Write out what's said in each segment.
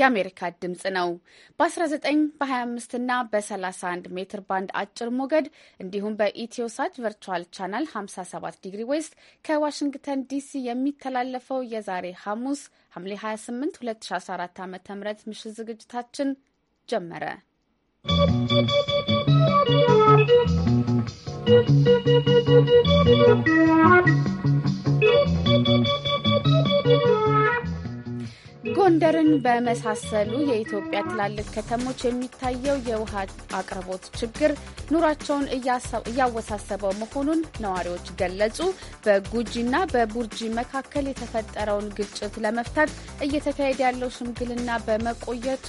የአሜሪካ ድምፅ ነው። በ19 በ25 እና በ31 ሜትር ባንድ አጭር ሞገድ እንዲሁም በኢትዮሳች ቨርቹዋል ቻናል 57 ዲግሪ ዌስት ከዋሽንግተን ዲሲ የሚተላለፈው የዛሬ ሐሙስ ሐምሌ 28 2014 ዓ ም ምሽት ዝግጅታችን ጀመረ። ¶¶ ጎንደርን በመሳሰሉ የኢትዮጵያ ትላልቅ ከተሞች የሚታየው የውሃ አቅርቦት ችግር ኑሯቸውን እያወሳሰበው መሆኑን ነዋሪዎች ገለጹ። በጉጂና በቡርጂ መካከል የተፈጠረውን ግጭት ለመፍታት እየተካሄደ ያለው ሽምግልና በመቆየቱ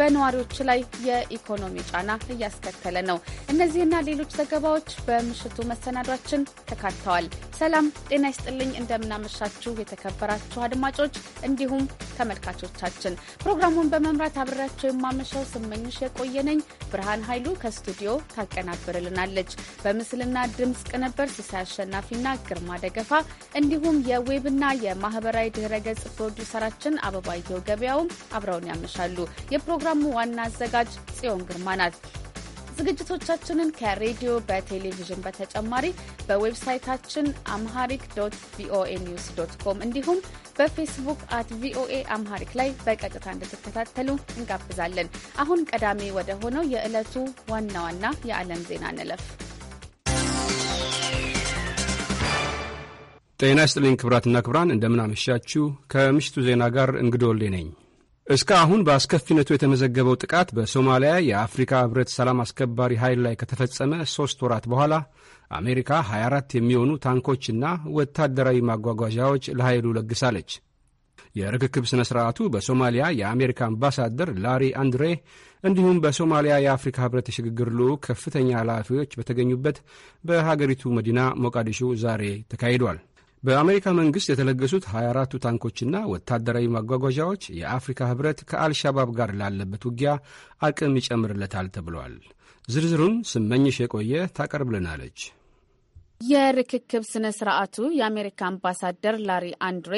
በነዋሪዎች ላይ የኢኮኖሚ ጫና እያስከተለ ነው። እነዚህና ሌሎች ዘገባዎች በምሽቱ መሰናዷችን ተካተዋል። ሰላም ጤና ይስጥልኝ። እንደምናመሻችሁ የተከበራችሁ አድማጮች እንዲሁም ተመልካ ተመልካቾቻችን ፕሮግራሙን በመምራት አብሬያቸው የማመሻው ስመኝሽ የቆየነኝ ብርሃን ኃይሉ ከስቱዲዮ ታቀናብርልናለች። በምስልና ድምፅ ቅንብር ሲሳይ አሸናፊና ግርማ ደገፋ እንዲሁም የዌብና የማህበራዊ ድህረ ገጽ ፕሮዲውሰራችን አበባየው ገበያውም አብረውን ያመሻሉ። የፕሮግራሙ ዋና አዘጋጅ ጽዮን ግርማ ናት። ዝግጅቶቻችንን ከሬዲዮ በቴሌቪዥን በተጨማሪ በዌብሳይታችን አምሃሪክ ዶት ቪኦኤ ኒውስ ዶት ኮም እንዲሁም በፌስቡክ አት ቪኦኤ አምሃሪክ ላይ በቀጥታ እንድትከታተሉ እንጋብዛለን። አሁን ቀዳሚ ወደ ሆነው የዕለቱ ዋና ዋና የዓለም ዜና እንለፍ። ጤና ይስጥልኝ ክብራትና ክብራን እንደምን አመሻችሁ። ከምሽቱ ዜና ጋር እንግዶ ወልዴ ነኝ። እስከ አሁን በአስከፊነቱ የተመዘገበው ጥቃት በሶማሊያ የአፍሪካ ህብረት ሰላም አስከባሪ ኃይል ላይ ከተፈጸመ ሦስት ወራት በኋላ አሜሪካ 24 የሚሆኑ ታንኮችና ወታደራዊ ማጓጓዣዎች ለኃይሉ ለግሳለች። የርክክብ ሥነ ሥርዓቱ በሶማሊያ የአሜሪካ አምባሳደር ላሪ አንድሬ እንዲሁም በሶማሊያ የአፍሪካ ህብረት የሽግግር ልዑክ ከፍተኛ ኃላፊዎች በተገኙበት በሀገሪቱ መዲና ሞቃዲሾ ዛሬ ተካሂዷል። በአሜሪካ መንግሥት የተለገሱት 24ቱ ታንኮችና ወታደራዊ ማጓጓዣዎች የአፍሪካ ኅብረት ከአልሻባብ ጋር ላለበት ውጊያ አቅም ይጨምርለታል ተብሏል። ዝርዝሩን ስመኝሽ የቆየ ታቀርብልናለች። የርክክብ ስነ ስርዓቱ የአሜሪካ አምባሳደር ላሪ አንድሬ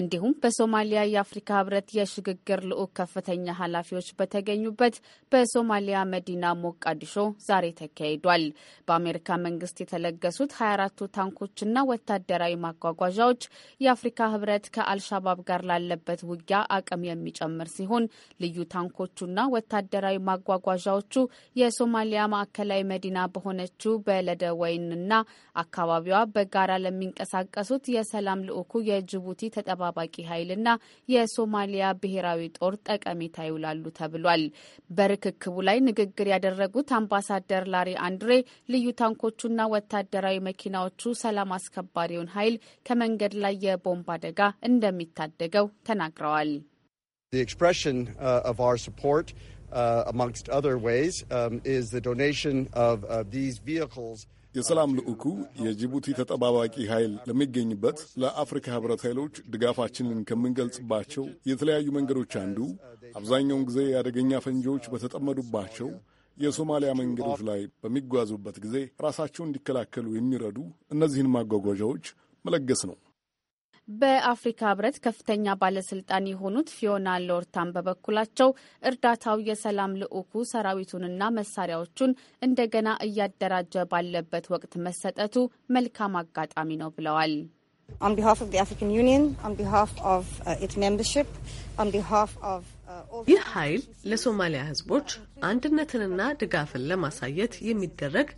እንዲሁም በሶማሊያ የአፍሪካ ህብረት የሽግግር ልዑክ ከፍተኛ ኃላፊዎች በተገኙበት በሶማሊያ መዲና ሞቃዲሾ ዛሬ ተካሂዷል። በአሜሪካ መንግስት የተለገሱት 24ቱ ታንኮችና ወታደራዊ ማጓጓዣዎች የአፍሪካ ህብረት ከአልሻባብ ጋር ላለበት ውጊያ አቅም የሚጨምር ሲሆን ልዩ ታንኮቹና ወታደራዊ ማጓጓዣዎቹ የሶማሊያ ማዕከላዊ መዲና በሆነችው በለደ ወይንና ። በአካባቢዋ በጋራ ለሚንቀሳቀሱት የሰላም ልዑኩ የጅቡቲ ተጠባባቂ ኃይልና የሶማሊያ ብሔራዊ ጦር ጠቀሜታ ይውላሉ ተብሏል። በርክክቡ ላይ ንግግር ያደረጉት አምባሳደር ላሪ አንድሬ ልዩ ታንኮቹና ወታደራዊ መኪናዎቹ ሰላም አስከባሪውን ኃይል ከመንገድ ላይ የቦምብ አደጋ እንደሚታደገው ተናግረዋል። የሰላም ልዑኩ የጅቡቲ ተጠባባቂ ኃይል ለሚገኝበት ለአፍሪካ ህብረት ኃይሎች ድጋፋችንን ከምንገልጽባቸው የተለያዩ መንገዶች አንዱ አብዛኛውን ጊዜ የአደገኛ ፈንጂዎች በተጠመዱባቸው የሶማሊያ መንገዶች ላይ በሚጓዙበት ጊዜ ራሳቸውን እንዲከላከሉ የሚረዱ እነዚህን ማጓጓዣዎች መለገስ ነው። በአፍሪካ ህብረት ከፍተኛ ባለስልጣን የሆኑት ፊዮና ሎርታን በበኩላቸው እርዳታው የሰላም ልዑኩ ሰራዊቱንና መሳሪያዎቹን እንደገና እያደራጀ ባለበት ወቅት መሰጠቱ መልካም አጋጣሚ ነው ብለዋል። ይህ ኃይል ለሶማሊያ ህዝቦች አንድነትንና ድጋፍን ለማሳየት የሚደረግ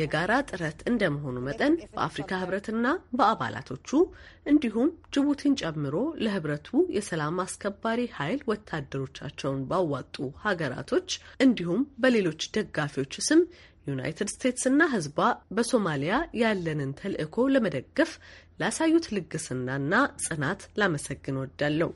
የጋራ ጥረት እንደመሆኑ መጠን በአፍሪካ ህብረትና በአባላቶቹ እንዲሁም ጅቡቲን ጨምሮ ለህብረቱ የሰላም አስከባሪ ኃይል ወታደሮቻቸውን ባዋጡ ሀገራቶች እንዲሁም በሌሎች ደጋፊዎች ስም ዩናይትድ ስቴትስና ህዝቧ በሶማሊያ ያለንን ተልዕኮ ለመደገፍ ላሳዩት ልግስናና ጽናት ላመሰግን ወዳለው።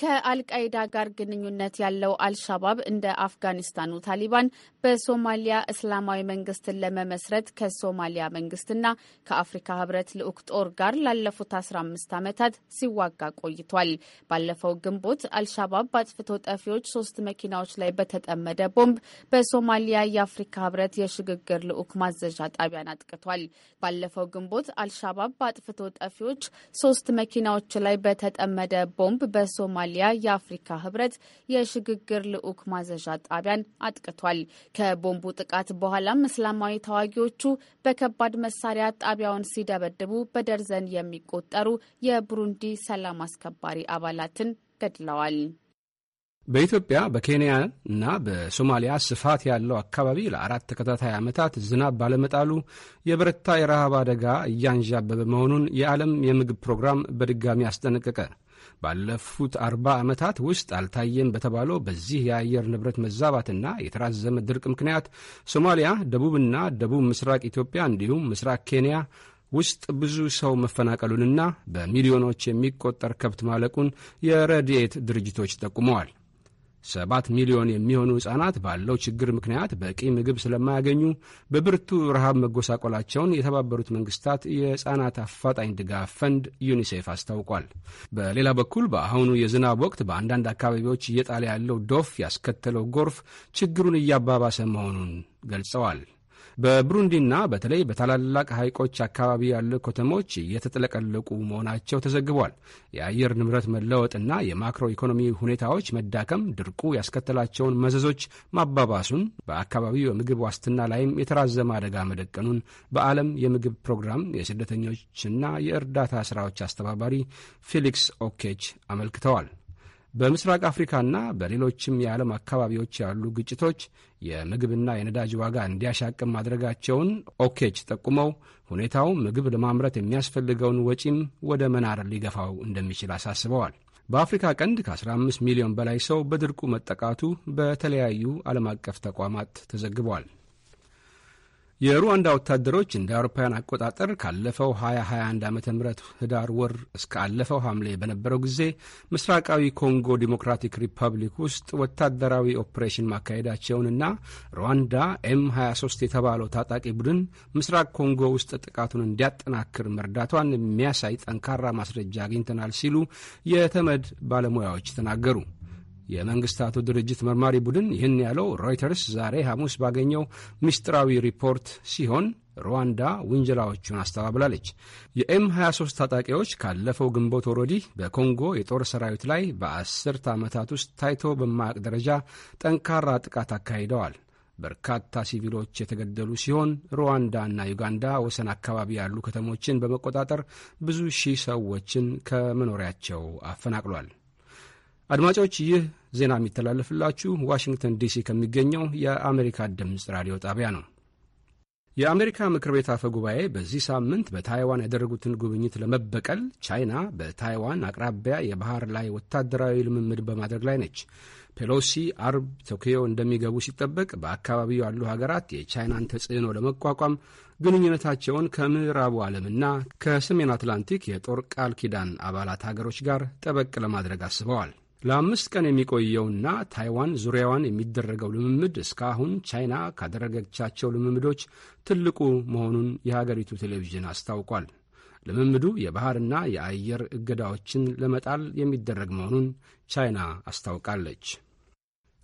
ከአልቃይዳ ጋር ግንኙነት ያለው አልሻባብ እንደ አፍጋኒስታኑ ታሊባን በሶማሊያ እስላማዊ መንግስትን ለመመስረት ከሶማሊያ መንግስትና ከአፍሪካ ህብረት ልዑክ ጦር ጋር ላለፉት 15 ዓመታት ሲዋጋ ቆይቷል። ባለፈው ግንቦት አልሻባብ በአጥፍቶ ጠፊዎች ሶስት መኪናዎች ላይ በተጠመደ ቦምብ በሶማሊያ የአፍሪካ ህብረት የሽግግር ልዑክ ማዘዣ ጣቢያን አጥቅቷል። ባለፈው ግንቦት አልሻባብ በአጥፍቶ ጠፊዎች ሶስት መኪናዎች ላይ በተጠመደ ቦምብ በሶማሊያ የአፍሪካ ህብረት የሽግግር ልዑክ ማዘዣ ጣቢያን አጥቅቷል። ከቦምቡ ጥቃት በኋላም እስላማዊ ተዋጊዎቹ በከባድ መሳሪያ ጣቢያውን ሲደበድቡ በደርዘን የሚቆጠሩ የቡሩንዲ ሰላም አስከባሪ አባላትን ገድለዋል። በኢትዮጵያ በኬንያ እና በሶማሊያ ስፋት ያለው አካባቢ ለአራት ተከታታይ ዓመታት ዝናብ ባለመጣሉ የበረታ የረሃብ አደጋ እያንዣበበ መሆኑን የዓለም የምግብ ፕሮግራም በድጋሚ አስጠነቀቀ። ባለፉት አርባ ዓመታት ውስጥ አልታየም በተባለው በዚህ የአየር ንብረት መዛባትና የተራዘመ ድርቅ ምክንያት ሶማሊያ፣ ደቡብና ደቡብ ምስራቅ ኢትዮጵያ እንዲሁም ምስራቅ ኬንያ ውስጥ ብዙ ሰው መፈናቀሉንና በሚሊዮኖች የሚቆጠር ከብት ማለቁን የረድኤት ድርጅቶች ጠቁመዋል። ሰባት ሚሊዮን የሚሆኑ ሕፃናት ባለው ችግር ምክንያት በቂ ምግብ ስለማያገኙ በብርቱ ረሃብ መጎሳቆላቸውን የተባበሩት መንግስታት የሕፃናት አፋጣኝ ድጋፍ ፈንድ ዩኒሴፍ አስታውቋል። በሌላ በኩል በአሁኑ የዝናብ ወቅት በአንዳንድ አካባቢዎች እየጣለ ያለው ዶፍ ያስከተለው ጎርፍ ችግሩን እያባባሰ መሆኑን ገልጸዋል። በብሩንዲና በተለይ በታላላቅ ሐይቆች አካባቢ ያሉ ከተሞች እየተጥለቀለቁ መሆናቸው ተዘግቧል። የአየር ንብረት መለወጥና የማክሮ ኢኮኖሚ ሁኔታዎች መዳከም ድርቁ ያስከተላቸውን መዘዞች ማባባሱን፣ በአካባቢው የምግብ ዋስትና ላይም የተራዘመ አደጋ መደቀኑን በዓለም የምግብ ፕሮግራም የስደተኞችና የእርዳታ ሥራዎች አስተባባሪ ፊሊክስ ኦኬች አመልክተዋል። በምስራቅ አፍሪካና በሌሎችም የዓለም አካባቢዎች ያሉ ግጭቶች የምግብና የነዳጅ ዋጋ እንዲያሻቅም ማድረጋቸውን ኦኬች ጠቁመው ሁኔታው ምግብ ለማምረት የሚያስፈልገውን ወጪም ወደ መናር ሊገፋው እንደሚችል አሳስበዋል። በአፍሪካ ቀንድ ከ15 ሚሊዮን በላይ ሰው በድርቁ መጠቃቱ በተለያዩ ዓለም አቀፍ ተቋማት ተዘግቧል። የሩዋንዳ ወታደሮች እንደ አውሮፓውያን አቆጣጠር ካለፈው 2021 ዓ ም ህዳር ወር እስከ አለፈው ሐምሌ በነበረው ጊዜ ምስራቃዊ ኮንጎ ዲሞክራቲክ ሪፐብሊክ ውስጥ ወታደራዊ ኦፕሬሽን ማካሄዳቸውንና ሩዋንዳ ኤም 23 የተባለው ታጣቂ ቡድን ምስራቅ ኮንጎ ውስጥ ጥቃቱን እንዲያጠናክር መርዳቷን የሚያሳይ ጠንካራ ማስረጃ አግኝተናል ሲሉ የተመድ ባለሙያዎች ተናገሩ። የመንግስታቱ ድርጅት መርማሪ ቡድን ይህን ያለው ሮይተርስ ዛሬ ሐሙስ ባገኘው ምስጢራዊ ሪፖርት ሲሆን ሩዋንዳ ውንጀላዎቹን አስተባብላለች። የኤም 23 ታጣቂዎች ካለፈው ግንቦት ወር ወዲህ በኮንጎ የጦር ሰራዊት ላይ በአስርት ዓመታት ውስጥ ታይቶ በማያውቅ ደረጃ ጠንካራ ጥቃት አካሂደዋል። በርካታ ሲቪሎች የተገደሉ ሲሆን ሩዋንዳ እና ዩጋንዳ ወሰን አካባቢ ያሉ ከተሞችን በመቆጣጠር ብዙ ሺህ ሰዎችን ከመኖሪያቸው አፈናቅሏል። አድማጮች ይህ ዜና የሚተላለፍላችሁ ዋሽንግተን ዲሲ ከሚገኘው የአሜሪካ ድምፅ ራዲዮ ጣቢያ ነው። የአሜሪካ ምክር ቤት አፈ ጉባኤ በዚህ ሳምንት በታይዋን ያደረጉትን ጉብኝት ለመበቀል ቻይና በታይዋን አቅራቢያ የባህር ላይ ወታደራዊ ልምምድ በማድረግ ላይ ነች። ፔሎሲ አርብ ቶኪዮ እንደሚገቡ ሲጠበቅ በአካባቢው ያሉ ሀገራት የቻይናን ተጽዕኖ ለመቋቋም ግንኙነታቸውን ከምዕራቡ ዓለምና ከሰሜን አትላንቲክ የጦር ቃል ኪዳን አባላት ሀገሮች ጋር ጠበቅ ለማድረግ አስበዋል። ለአምስት ቀን የሚቆየውና ታይዋን ዙሪያዋን የሚደረገው ልምምድ እስካሁን ቻይና ካደረገቻቸው ልምምዶች ትልቁ መሆኑን የሀገሪቱ ቴሌቪዥን አስታውቋል። ልምምዱ የባህርና የአየር እገዳዎችን ለመጣል የሚደረግ መሆኑን ቻይና አስታውቃለች።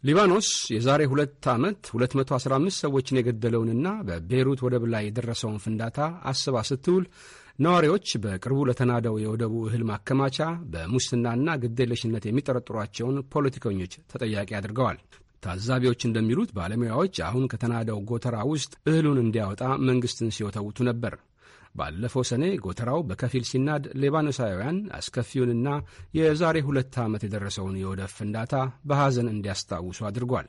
ሊባኖስ የዛሬ ሁለት ዓመት 215 ሰዎችን የገደለውንና በቤይሩት ወደብ ላይ የደረሰውን ፍንዳታ አስባ ስትውል ነዋሪዎች በቅርቡ ለተናደው የወደቡ እህል ማከማቻ በሙስናና ግዴለሽነት የሚጠረጥሯቸውን ፖለቲከኞች ተጠያቂ አድርገዋል። ታዛቢዎች እንደሚሉት ባለሙያዎች አሁን ከተናደው ጎተራ ውስጥ እህሉን እንዲያወጣ መንግሥትን ሲወተውቱ ነበር። ባለፈው ሰኔ ጎተራው በከፊል ሲናድ ሌባኖሳውያን አስከፊውንና የዛሬ ሁለት ዓመት የደረሰውን የወደብ ፍንዳታ በሐዘን እንዲያስታውሱ አድርጓል።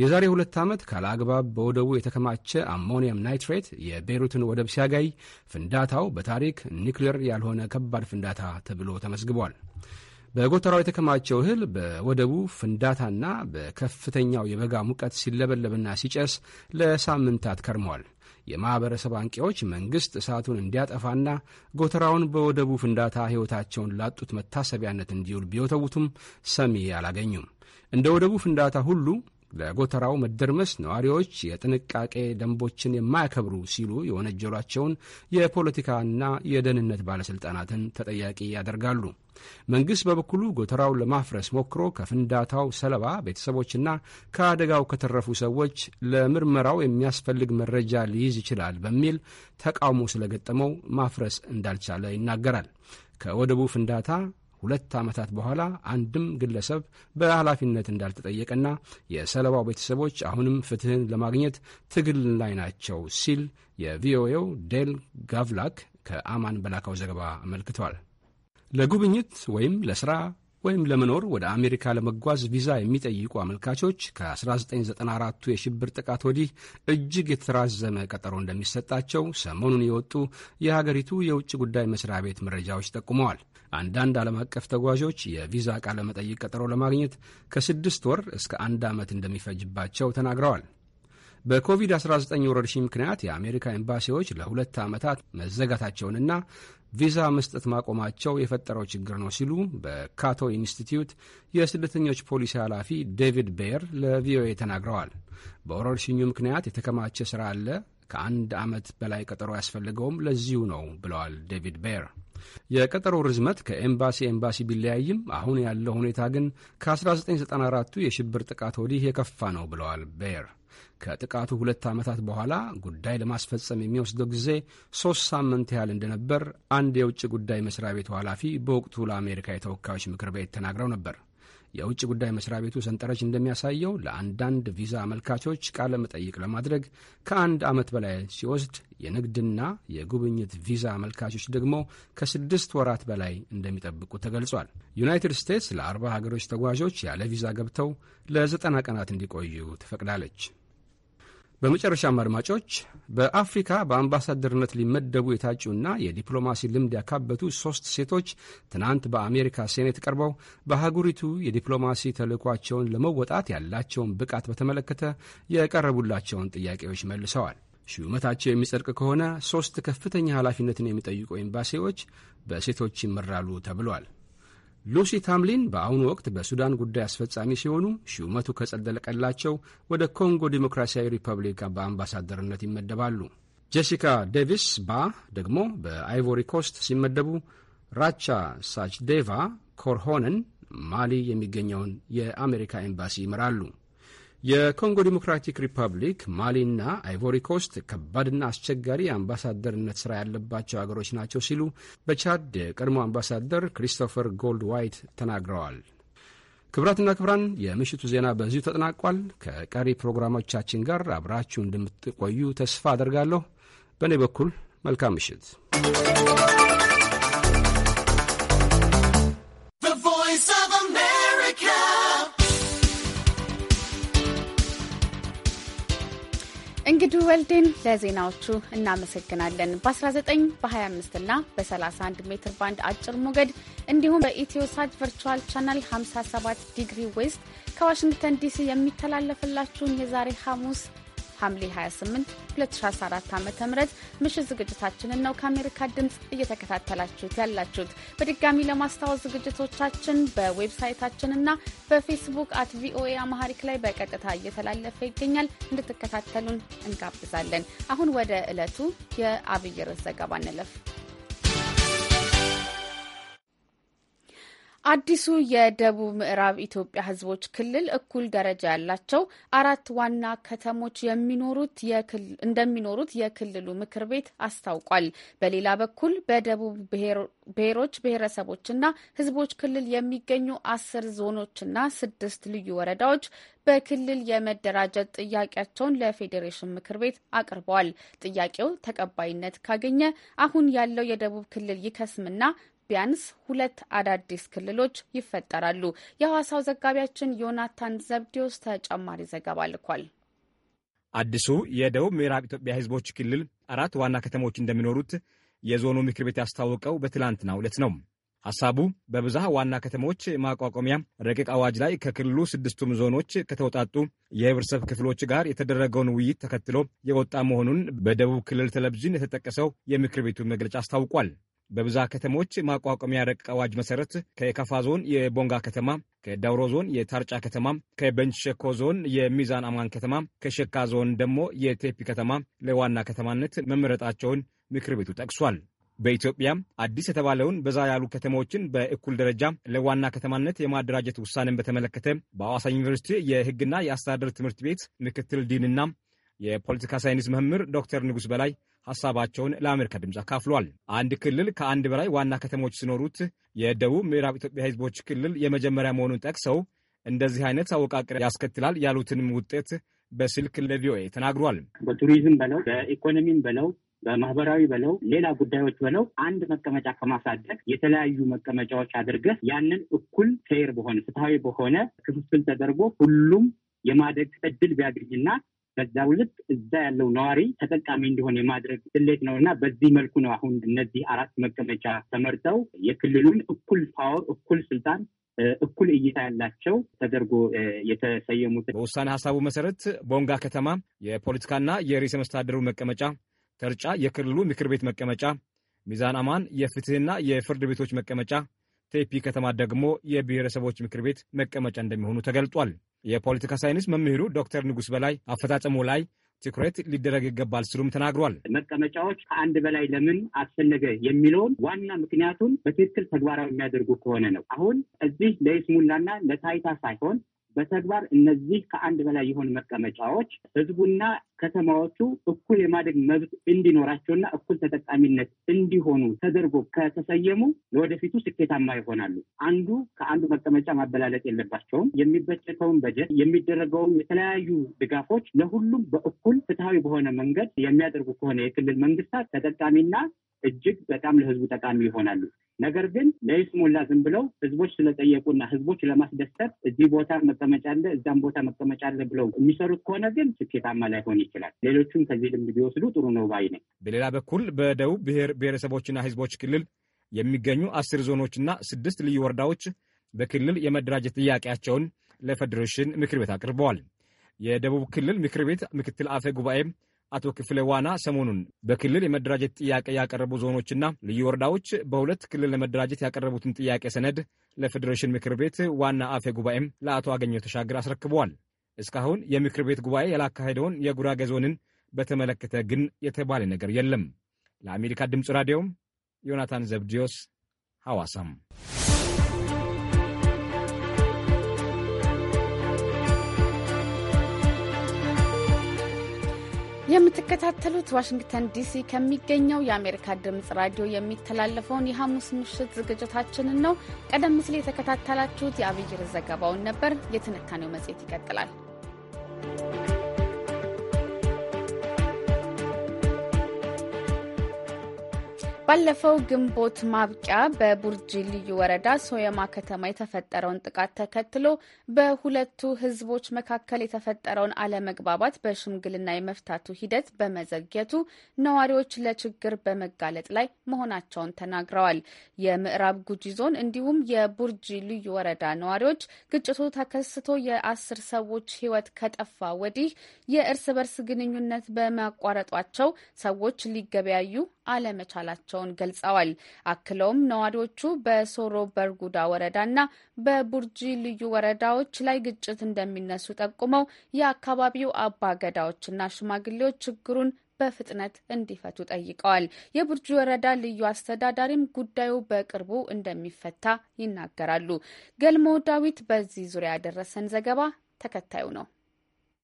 የዛሬ ሁለት ዓመት ካለአግባብ በወደቡ የተከማቸ አሞኒየም ናይትሬት የቤይሩትን ወደብ ሲያጋይ ፍንዳታው በታሪክ ኒክሌር ያልሆነ ከባድ ፍንዳታ ተብሎ ተመዝግቧል። በጎተራው የተከማቸው እህል በወደቡ ፍንዳታና በከፍተኛው የበጋ ሙቀት ሲለበለብና ሲጨስ ለሳምንታት ከርመዋል። የማኅበረሰብ አንቂዎች መንግሥት እሳቱን እንዲያጠፋና ጎተራውን በወደቡ ፍንዳታ ሕይወታቸውን ላጡት መታሰቢያነት እንዲውል ቢወተውቱም ሰሚ አላገኙም። እንደ ወደቡ ፍንዳታ ሁሉ ለጎተራው መደርመስ ነዋሪዎች የጥንቃቄ ደንቦችን የማያከብሩ ሲሉ የወነጀሏቸውን የፖለቲካና የደህንነት ባለሥልጣናትን ተጠያቂ ያደርጋሉ። መንግሥት በበኩሉ ጎተራው ለማፍረስ ሞክሮ ከፍንዳታው ሰለባ ቤተሰቦችና ከአደጋው ከተረፉ ሰዎች ለምርመራው የሚያስፈልግ መረጃ ሊይዝ ይችላል በሚል ተቃውሞ ስለገጠመው ማፍረስ እንዳልቻለ ይናገራል። ከወደቡ ፍንዳታ ሁለት ዓመታት በኋላ አንድም ግለሰብ በኃላፊነት እንዳልተጠየቀና የሰለባው ቤተሰቦች አሁንም ፍትህን ለማግኘት ትግል ላይ ናቸው ሲል የቪኦኤው ዴል ጋቭላክ ከአማን በላካው ዘገባ አመልክቷል። ለጉብኝት ወይም ለሥራ ወይም ለመኖር ወደ አሜሪካ ለመጓዝ ቪዛ የሚጠይቁ አመልካቾች ከ1994ቱ የሽብር ጥቃት ወዲህ እጅግ የተራዘመ ቀጠሮ እንደሚሰጣቸው ሰሞኑን የወጡ የሀገሪቱ የውጭ ጉዳይ መስሪያ ቤት መረጃዎች ጠቁመዋል። አንዳንድ ዓለም አቀፍ ተጓዦች የቪዛ ቃለ መጠይቅ ቀጠሮ ለማግኘት ከስድስት ወር እስከ አንድ ዓመት እንደሚፈጅባቸው ተናግረዋል። በኮቪድ-19 ወረርሽኝ ምክንያት የአሜሪካ ኤምባሲዎች ለሁለት ዓመታት መዘጋታቸውንና ቪዛ መስጠት ማቆማቸው የፈጠረው ችግር ነው ሲሉ በካቶ ኢንስቲትዩት የስደተኞች ፖሊሲ ኃላፊ ዴቪድ ቤየር ለቪኦኤ ተናግረዋል። በወረርሽኙ ምክንያት የተከማቸ ሥራ አለ። ከአንድ ዓመት በላይ ቀጠሮ ያስፈልገውም ለዚሁ ነው ብለዋል ዴቪድ ቤየር። የቀጠሮ ርዝመት ከኤምባሲ ኤምባሲ ቢለያይም አሁን ያለው ሁኔታ ግን ከ1994ቱ የሽብር ጥቃት ወዲህ የከፋ ነው ብለዋል ቤር። ከጥቃቱ ሁለት ዓመታት በኋላ ጉዳይ ለማስፈጸም የሚወስደው ጊዜ ሦስት ሳምንት ያህል እንደነበር አንድ የውጭ ጉዳይ መስሪያ ቤቱ ኃላፊ በወቅቱ ለአሜሪካ የተወካዮች ምክር ቤት ተናግረው ነበር። የውጭ ጉዳይ መስሪያ ቤቱ ሰንጠረዥ እንደሚያሳየው ለአንዳንድ ቪዛ አመልካቾች ቃለ መጠይቅ ለማድረግ ከአንድ ዓመት በላይ ሲወስድ የንግድና የጉብኝት ቪዛ አመልካቾች ደግሞ ከስድስት ወራት በላይ እንደሚጠብቁ ተገልጿል። ዩናይትድ ስቴትስ ለአርባ ሀገሮች ተጓዦች ያለ ቪዛ ገብተው ለዘጠና ቀናት እንዲቆዩ ትፈቅዳለች። በመጨረሻም አድማጮች በአፍሪካ በአምባሳደርነት ሊመደቡ የታጩና የዲፕሎማሲ ልምድ ያካበቱ ሦስት ሴቶች ትናንት በአሜሪካ ሴኔት ቀርበው በአህጉሪቱ የዲፕሎማሲ ተልዕኳቸውን ለመወጣት ያላቸውን ብቃት በተመለከተ የቀረቡላቸውን ጥያቄዎች መልሰዋል። ሹመታቸው የሚጸድቅ ከሆነ ሦስት ከፍተኛ ኃላፊነትን የሚጠይቁ ኤምባሲዎች በሴቶች ይመራሉ ተብሏል። ሉሲ ታምሊን በአሁኑ ወቅት በሱዳን ጉዳይ አስፈጻሚ ሲሆኑ ሹመቱ ከጸደለቀላቸው ወደ ኮንጎ ዲሞክራሲያዊ ሪፐብሊክ በአምባሳደርነት ይመደባሉ። ጄሲካ ዴቪስ ባ ደግሞ በአይቮሪ ኮስት ሲመደቡ ራቻ ሳችዴቫ ኮርሆነን ማሊ የሚገኘውን የአሜሪካ ኤምባሲ ይመራሉ። የኮንጎ ዲሞክራቲክ ሪፐብሊክ፣ ማሊና አይቮሪ ኮስት ከባድና አስቸጋሪ የአምባሳደርነት ሥራ ያለባቸው አገሮች ናቸው ሲሉ በቻድ የቀድሞ አምባሳደር ክሪስቶፈር ጎልድ ዋይት ተናግረዋል። ክብራትና ክብራን የምሽቱ ዜና በዚሁ ተጠናቋል። ከቀሪ ፕሮግራሞቻችን ጋር አብራችሁ እንደምትቆዩ ተስፋ አደርጋለሁ። በእኔ በኩል መልካም ምሽት። እንግዲህ ወልዴን ለዜናዎቹ እናመሰግናለን። በ19 በ25 እና በ31 ሜትር ባንድ አጭር ሞገድ እንዲሁም በኢትዮሳት ቨርቹዋል ቻናል 57 ዲግሪ ዌስት ከዋሽንግተን ዲሲ የሚተላለፍላችሁን የዛሬ ሐሙስ ሐምሌ 28 2014 ዓ ም ምሽት ዝግጅታችንን ነው ከአሜሪካ ድምፅ እየተከታተላችሁት ያላችሁት። በድጋሚ ለማስታወስ ዝግጅቶቻችን በዌብሳይታችንና በፌስቡክ አት ቪኦኤ አማሐሪክ ላይ በቀጥታ እየተላለፈ ይገኛል። እንድትከታተሉን እንጋብዛለን። አሁን ወደ ዕለቱ የአብይ ርዕስ ዘገባ እንለፍ። አዲሱ የደቡብ ምዕራብ ኢትዮጵያ ህዝቦች ክልል እኩል ደረጃ ያላቸው አራት ዋና ከተሞች የሚኖሩት እንደሚኖሩት የክልሉ ምክር ቤት አስታውቋል። በሌላ በኩል በደቡብ ብሔሮች ብሔረሰቦችና ህዝቦች ክልል የሚገኙ አስር ዞኖችና ስድስት ልዩ ወረዳዎች በክልል የመደራጀት ጥያቄያቸውን ለፌዴሬሽን ምክር ቤት አቅርበዋል። ጥያቄው ተቀባይነት ካገኘ አሁን ያለው የደቡብ ክልል ይከስምና ቢያንስ ሁለት አዳዲስ ክልሎች ይፈጠራሉ። የሐዋሳው ዘጋቢያችን ዮናታን ዘብዲዎስ ተጨማሪ ዘገባ ልኳል። አዲሱ የደቡብ ምዕራብ ኢትዮጵያ ህዝቦች ክልል አራት ዋና ከተሞች እንደሚኖሩት የዞኑ ምክር ቤት ያስታወቀው በትላንትናው ዕለት ነው። ሐሳቡ በብዝሃ ዋና ከተሞች ማቋቋሚያ ረቂቅ አዋጅ ላይ ከክልሉ ስድስቱም ዞኖች ከተውጣጡ የህብረተሰብ ክፍሎች ጋር የተደረገውን ውይይት ተከትሎ የወጣ መሆኑን በደቡብ ክልል ቴሌቪዥን የተጠቀሰው የምክር ቤቱ መግለጫ አስታውቋል። በብዛ ከተሞች ማቋቋሚያ ረቂቅ አዋጅ መሰረት ከካፋ ዞን የቦንጋ ከተማ፣ ከዳውሮ ዞን የታርጫ ከተማ፣ ከበንሸኮ ሸኮ ዞን የሚዛን አማን ከተማ፣ ከሸካ ዞን ደግሞ የቴፒ ከተማ ለዋና ከተማነት መመረጣቸውን ምክር ቤቱ ጠቅሷል። በኢትዮጵያ አዲስ የተባለውን በዛ ያሉ ከተሞችን በእኩል ደረጃ ለዋና ከተማነት የማደራጀት ውሳኔን በተመለከተ በአዋሳ ዩኒቨርሲቲ የሕግና የአስተዳደር ትምህርት ቤት ምክትል ዲንና የፖለቲካ ሳይንስ መምህር ዶክተር ንጉስ በላይ ሀሳባቸውን ለአሜሪካ ድምፅ አካፍሏል። አንድ ክልል ከአንድ በላይ ዋና ከተሞች ሲኖሩት የደቡብ ምዕራብ ኢትዮጵያ ህዝቦች ክልል የመጀመሪያ መሆኑን ጠቅሰው እንደዚህ አይነት አወቃቀር ያስከትላል ያሉትንም ውጤት በስልክ ለቪኦኤ ተናግሯል። በቱሪዝም በለው በኢኮኖሚም በለው በማህበራዊ በለው ሌላ ጉዳዮች በለው አንድ መቀመጫ ከማሳደግ የተለያዩ መቀመጫዎች አድርገህ ያንን እኩል ፌር በሆነ ፍትሐዊ በሆነ ክፍፍል ተደርጎ ሁሉም የማደግ እድል ቢያገኝና በዛው ልክ እዛ ያለው ነዋሪ ተጠቃሚ እንደሆነ የማድረግ ስሌት ነው እና በዚህ መልኩ ነው አሁን እነዚህ አራት መቀመጫ ተመርጠው የክልሉን እኩል ፓወር፣ እኩል ስልጣን እኩል እይታ ያላቸው ተደርጎ የተሰየሙት። በውሳኔ ሀሳቡ መሰረት ቦንጋ ከተማ የፖለቲካና የርዕሰ መስተዳደሩ መቀመጫ፣ ተርጫ የክልሉ ምክር ቤት መቀመጫ፣ ሚዛን አማን የፍትህና የፍርድ ቤቶች መቀመጫ፣ ቴፒ ከተማ ደግሞ የብሔረሰቦች ምክር ቤት መቀመጫ እንደሚሆኑ ተገልጧል። የፖለቲካ ሳይንስ መምህሩ ዶክተር ንጉስ በላይ አፈጻጸሙ ላይ ትኩረት ሊደረግ ይገባል ስሉም ተናግሯል። መቀመጫዎች ከአንድ በላይ ለምን አስፈለገ የሚለውን ዋና ምክንያቱን በትክክል ተግባራዊ የሚያደርጉ ከሆነ ነው። አሁን እዚህ ለይስሙላና ለታይታ ሳይሆን በተግባር እነዚህ ከአንድ በላይ የሆኑ መቀመጫዎች ህዝቡና ከተማዎቹ እኩል የማደግ መብት እንዲኖራቸውና እኩል ተጠቃሚነት እንዲሆኑ ተደርጎ ከተሰየሙ ለወደፊቱ ስኬታማ ይሆናሉ። አንዱ ከአንዱ መቀመጫ ማበላለጥ የለባቸውም። የሚበጀተውን በጀት የሚደረገውን የተለያዩ ድጋፎች ለሁሉም በእኩል ፍትሐዊ በሆነ መንገድ የሚያደርጉ ከሆነ የክልል መንግስታት ተጠቃሚና እጅግ በጣም ለህዝቡ ጠቃሚ ይሆናሉ። ነገር ግን ለይስሙላ ዝም ብለው ህዝቦች ስለጠየቁና ህዝቦች ለማስደሰት እዚህ ቦታ መቀመጫ አለ፣ እዛም ቦታ መቀመጫ አለ ብለው የሚሰሩት ከሆነ ግን ስኬታማ ላይሆን ይችላል። ሌሎቹም ከዚህ ልምድ ቢወስዱ ጥሩ ነው ባይ ነኝ። በሌላ በኩል በደቡብ ብሔር ብሔረሰቦችና ህዝቦች ክልል የሚገኙ አስር ዞኖችና ስድስት ልዩ ወረዳዎች በክልል የመደራጀት ጥያቄያቸውን ለፌዴሬሽን ምክር ቤት አቅርበዋል። የደቡብ ክልል ምክር ቤት ምክትል አፈ ጉባኤም አቶ ክፍለ ዋና ሰሞኑን በክልል የመደራጀት ጥያቄ ያቀረቡ ዞኖችና ልዩ ወረዳዎች በሁለት ክልል ለመደራጀት ያቀረቡትን ጥያቄ ሰነድ ለፌዴሬሽን ምክር ቤት ዋና አፌ ጉባኤም ለአቶ አገኘው ተሻገር አስረክበዋል። እስካሁን የምክር ቤት ጉባኤ ያላካሄደውን የጉራጌ ዞንን በተመለከተ ግን የተባለ ነገር የለም። ለአሜሪካ ድምፅ ራዲዮም ዮናታን ዘብዲዮስ ሐዋሳም የምትከታተሉት ዋሽንግተን ዲሲ ከሚገኘው የአሜሪካ ድምፅ ራዲዮ የሚተላለፈውን የሐሙስ ምሽት ዝግጅታችንን ነው። ቀደም ሲል የተከታተላችሁት የአብይር ዘገባውን ነበር። የትንታኔው መጽሔት ይቀጥላል። ባለፈው ግንቦት ማብቂያ በቡርጂ ልዩ ወረዳ ሶየማ ከተማ የተፈጠረውን ጥቃት ተከትሎ በሁለቱ ሕዝቦች መካከል የተፈጠረውን አለመግባባት በሽምግልና የመፍታቱ ሂደት በመዘግየቱ ነዋሪዎች ለችግር በመጋለጥ ላይ መሆናቸውን ተናግረዋል። የምዕራብ ጉጂ ዞን እንዲሁም የቡርጂ ልዩ ወረዳ ነዋሪዎች ግጭቱ ተከስቶ የአስር ሰዎች ሕይወት ከጠፋ ወዲህ የእርስ በርስ ግንኙነት በማቋረጧቸው ሰዎች ሊገበያዩ አለመቻላቸውን ገልጸዋል። አክለውም ነዋሪዎቹ በሶሮ በርጉዳ ወረዳና በቡርጂ ልዩ ወረዳዎች ላይ ግጭት እንደሚነሱ ጠቁመው የአካባቢው አባ ገዳዎችና ሽማግሌዎች ችግሩን በፍጥነት እንዲፈቱ ጠይቀዋል። የቡርጂ ወረዳ ልዩ አስተዳዳሪም ጉዳዩ በቅርቡ እንደሚፈታ ይናገራሉ። ገልሞ ዳዊት በዚህ ዙሪያ ያደረሰን ዘገባ ተከታዩ ነው።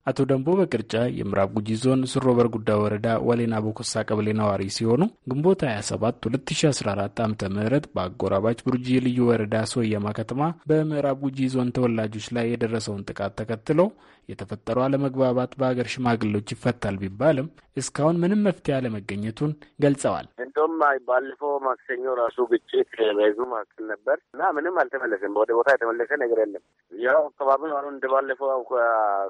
አቶ ደንቦ በቅርጫ የምዕራብ ጉጂ ዞን ስሮበር በርጉዳ ወረዳ ዋሌና ቦኮሳ ቀበሌ ነዋሪ ሲሆኑ ግንቦት 27 2014 ዓ ም በአጎራባች ቡርጂ ልዩ ወረዳ ሶየማ ከተማ በምዕራብ ጉጂ ዞን ተወላጆች ላይ የደረሰውን ጥቃት ተከትለው የተፈጠረው አለመግባባት በሀገር ሽማግሌዎች ይፈታል ቢባልም እስካሁን ምንም መፍትሄ አለመገኘቱን ገልጸዋል። እንደውም ባለፈው ማክሰኞ ራሱ ግጭት በዙ ማክል ነበር እና ምንም አልተመለሰም። ወደ ቦታ የተመለሰ ነገር የለም። ያው አካባቢው አሁን ባለፈው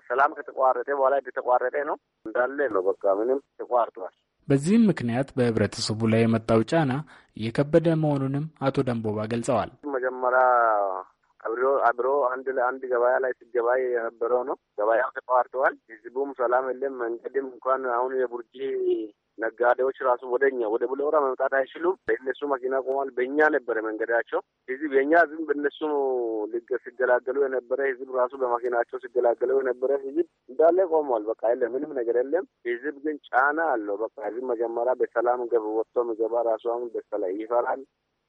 ሰላም ከተቋረጠ በኋላ እንደተቋረጠ ነው እንዳለ ነው። በቃ ምንም ተቋርጧል። በዚህም ምክንያት በህብረተሰቡ ላይ የመጣው ጫና እየከበደ መሆኑንም አቶ ደንቦባ ገልጸዋል። መጀመሪያ አብሮ አብሮ አንድ ለአንድ ገበያ ላይ ሲገባይ የነበረው ነው። ገበያው ተቋርጠዋል። ህዝቡም ሰላም የለም። መንገድም እንኳን አሁን የቡርጂ ነጋዴዎች ራሱ ወደኛ ወደ ቡሌሆራ መምጣት አይችሉም። በእነሱ መኪና ቆሟል። በእኛ ነበረ መንገዳቸው ህዝብ የእኛ ህዝብ በእነሱ ሲገላገሉ የነበረ ህዝብ ራሱ በመኪናቸው ሲገላገሉ የነበረ ህዝብ እንዳለ ቆሟል። በቃ የለ ምንም ነገር የለም። ህዝብ ግን ጫና አለው። በቃ ህዝብ መጀመሪያ በሰላም ገብ ወጥቶ የሚገባ ራሱ አሁን በሰላ ይፈራል።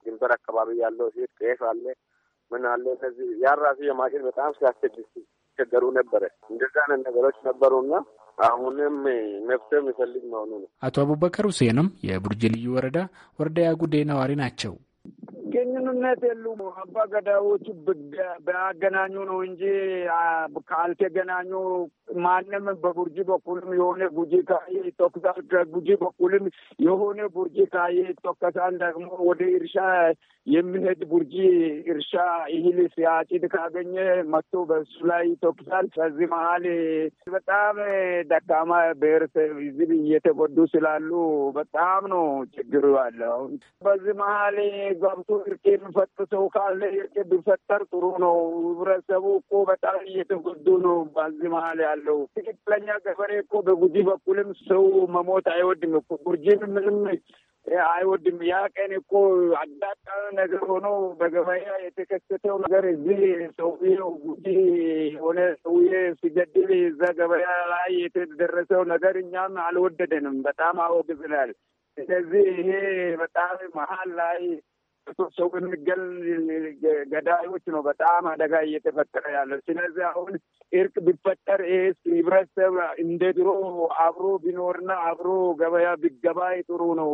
ድንበር አካባቢ ያለው ሴት ጤፍ አለ ምን አለ እነዚህ ያራሱ የማሽን በጣም ሲያስቸግር ሲቸገሩ ነበረ። እንደዛ አይነት ነገሮች ነበሩና አሁንም መፍትሄ የሚፈልግ መሆኑ ነው። አቶ አቡበከር ሁሴንም የቡርጅ ልዩ ወረዳ ወረዳ ያጉዴ ነዋሪ ናቸው። ግንኙነት የሉም። አባገዳዎቹ በያገናኙ ነው እንጂ ካልተገናኙ ማንም በቡርጂ በኩልም የሆነ ጉጂ ካየ ይተኩሳል፣ ከጉጂ በኩልም የሆነ ቡርጂ ካየ ይተከሳል። ደግሞ ወደ እርሻ የሚሄድ ቡርጂ እርሻ እህል ሲያጭድ ካገኘ መቶ በሱ ላይ ይተኩሳል። ከዚህ መሀል በጣም ደካማ ብሔረሰብ ሕዝብ እየተጎዱ ስላሉ በጣም ነው ችግሩ ያለው። በዚህ መሀል ገብቶ እርቅ የሚፈጥር ሰው ካለ እርቅ ቢፈጠር ጥሩ ነው። ህብረተሰቡ እኮ በጣም እየተጎዱ ነው። በዚህ መሀል ያለው ትክክለኛ ገበሬ እኮ በጉጂ በኩልም ሰው መሞት አይወድም እኮ ጉርጂን ምንም አይወድም። ያ ቀን እኮ አጋጣሚ ነገር ሆኖ በገበያ የተከሰተው ነገር እዚህ ሰውዬው ጉጂ የሆነ ሰውዬ ሲገድል እዛ ገበያ ላይ የተደረሰው ነገር እኛም አልወደደንም፣ በጣም አወግዝናል። ስለዚህ ይሄ በጣም መሀል ላይ ሰው የሚገል ገዳዮች ነው። በጣም አደጋ እየተፈጠረ ያለ። ስለዚህ አሁን እርቅ ቢፈጠር ይህ ህብረተሰብ እንደ ድሮ አብሮ ቢኖርና አብሮ ገበያ ቢገባ ጥሩ ነው።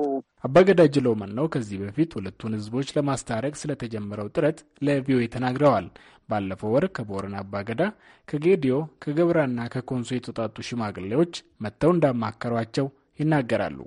አባገዳጅ ሎመን ነው ከዚህ በፊት ሁለቱን ህዝቦች ለማስታረቅ ስለተጀመረው ጥረት ለቪኦኤ ተናግረዋል። ባለፈው ወር ከቦረና አባገዳ፣ ከጌዲዮ፣ ከገብራና ከኮንሶ የተውጣጡ ሽማግሌዎች መጥተው እንዳማከሯቸው ይናገራሉ።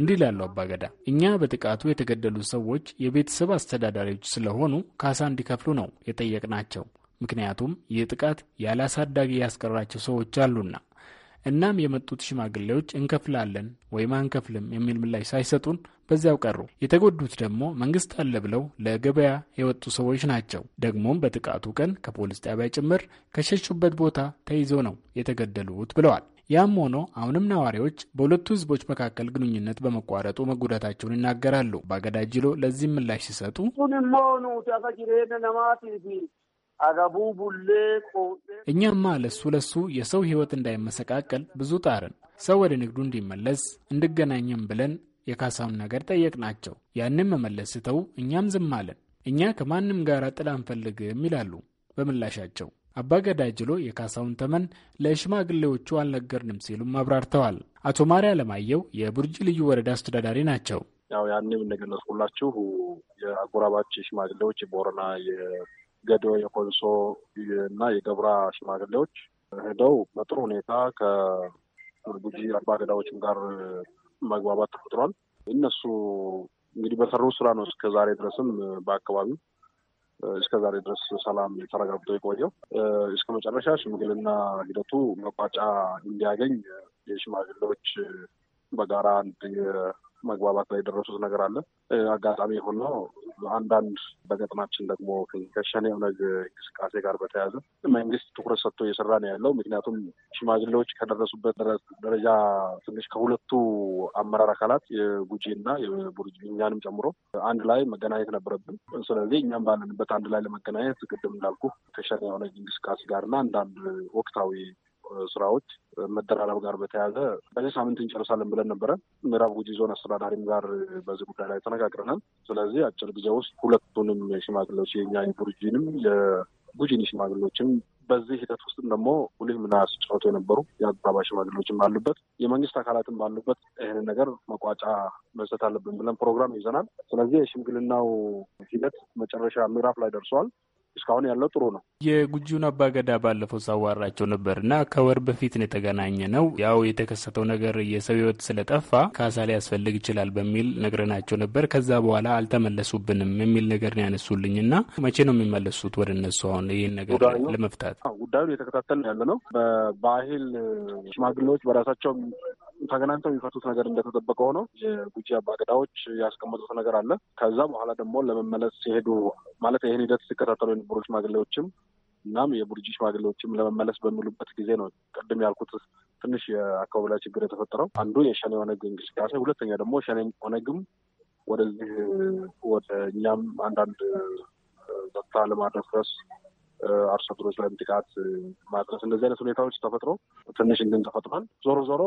እንዲህ ላለው አባገዳ እኛ በጥቃቱ የተገደሉ ሰዎች የቤተሰብ አስተዳዳሪዎች ስለሆኑ ካሳ እንዲከፍሉ ነው የጠየቅናቸው። ምክንያቱም ይህ ጥቃት ያለ አሳዳጊ ያስቀራቸው ሰዎች አሉና። እናም የመጡት ሽማግሌዎች እንከፍላለን ወይም አንከፍልም የሚል ምላሽ ሳይሰጡን በዚያው ቀሩ። የተጎዱት ደግሞ መንግስት አለ ብለው ለገበያ የወጡ ሰዎች ናቸው። ደግሞም በጥቃቱ ቀን ከፖሊስ ጣቢያ ጭምር ከሸሹበት ቦታ ተይዞ ነው የተገደሉት ብለዋል። ያም ሆኖ አሁንም ነዋሪዎች በሁለቱ ህዝቦች መካከል ግንኙነት በመቋረጡ መጉዳታቸውን ይናገራሉ። ባገዳጅሎ ለዚህ ምላሽ ሲሰጡ እኛማ ለሱ ለሱ የሰው ህይወት እንዳይመሰቃቀል ብዙ ጣርን። ሰው ወደ ንግዱ እንዲመለስ እንድገናኝም ብለን የካሳውን ነገር ጠየቅናቸው። ያንን መመለስ ስተው እኛም ዝም አለን። እኛ ከማንም ጋር ጥል አንፈልግም ይላሉ በምላሻቸው። አባ ገዳጅሎ የካሳውን ተመን ለሽማግሌዎቹ አልነገርንም ሲሉም አብራርተዋል። አቶ ማርያ ለማየው የቡርጅ ልዩ ወረዳ አስተዳዳሪ ናቸው። ያው ያንም እንደገለጽኩላችሁ የአጎራባች ሽማግሌዎች የቦረና፣ የገዶ፣ የኮንሶ እና የገብራ ሽማግሌዎች ሄደው በጥሩ ሁኔታ ከቡርጂ አባገዳዎችም ጋር መግባባት ተፈጥሯል። እነሱ እንግዲህ በሰሩ ስራ ነው እስከ ዛሬ ድረስም በአካባቢው ዛሬ ድረስ ሰላም ተረጋግጦ የቆየው። እስከ መጨረሻ ሽምግልና ሂደቱ መቋጫ እንዲያገኝ የሽማግሌዎች በጋራ አንድ መግባባት ላይ የደረሱት ነገር አለ። አጋጣሚ የሆነው አንዳንድ በገጥማችን ደግሞ ከሸኔ ኦነግ እንቅስቃሴ ጋር በተያያዘ መንግስት ትኩረት ሰጥቶ እየሰራ ነው ያለው። ምክንያቱም ሽማግሌዎች ከደረሱበት ደረጃ ትንሽ ከሁለቱ አመራር አካላት የጉጂ እና የቡርጅኛንም ጨምሮ አንድ ላይ መገናኘት ነበረብን። ስለዚህ እኛም ባለንበት አንድ ላይ ለመገናኘት ቅድም እንዳልኩ ከሸኔ ኦነግ እንቅስቃሴ ጋርና አንዳንድ ወቅታዊ ስራዎች መደራረብ ጋር በተያያዘ በዚህ ሳምንት እንጨርሳለን ብለን ነበረ። ምዕራብ ጉጂ ዞን አስተዳዳሪም ጋር በዚህ ጉዳይ ላይ ተነጋግረናል። ስለዚህ አጭር ጊዜ ውስጥ ሁለቱንም ሽማግሌዎች የኛ ቡርጂንም የጉጂን ሽማግሌዎችም በዚህ ሂደት ውስጥም ደግሞ ጉልህ ሚና ሲጫወቱ የነበሩ የአጎራባ ሽማግሌዎችም ባሉበት የመንግስት አካላትም ባሉበት ይህንን ነገር መቋጫ መስጠት አለብን ብለን ፕሮግራም ይዘናል። ስለዚህ የሽምግልናው ሂደት መጨረሻ ምዕራፍ ላይ ደርሰዋል። እስካሁን ያለው ጥሩ ነው። የጉጂውን አባገዳ ባለፈው ሳዋራቸው ነበር እና ከወር በፊት ነው የተገናኘ ነው። ያው የተከሰተው ነገር የሰው ህይወት ስለጠፋ ካሳ ሊያስፈልግ ይችላል በሚል ነግረናቸው ነበር። ከዛ በኋላ አልተመለሱብንም የሚል ነገር ነው ያነሱልኝ እና መቼ ነው የሚመለሱት ወደ እነሱ? አሁን ይህን ነገር ለመፍታት ጉዳዩን የተከታተልን ያለ ነው። በባህል ሽማግሌዎች በራሳቸው ተገናኝተው የሚፈቱት ነገር እንደተጠበቀ ሆኖ የጉጂ አባገዳዎች ያስቀመጡት ነገር አለ። ከዛ በኋላ ደግሞ ለመመለስ ሲሄዱ ማለት ይህን ሂደት ሲከታተሉ የነበሩ ሽማግሌዎችም እናም የቡርጂ ሽማግሌዎችም ለመመለስ በሚሉበት ጊዜ ነው ቅድም ያልኩት ትንሽ የአካባቢ ላይ ችግር የተፈጠረው። አንዱ የሸኔ ኦነግ እንቅስቃሴ፣ ሁለተኛ ደግሞ ሸኔ ኦነግም ወደዚህ ወደ እኛም አንዳንድ ጸጥታ ለማድረስ አርሶ አደሮች ላይም ጥቃት ማድረስ እንደዚህ አይነት ሁኔታዎች ተፈጥሮ ትንሽ እንድን ተፈጥሯል። ዞሮ ዞሮ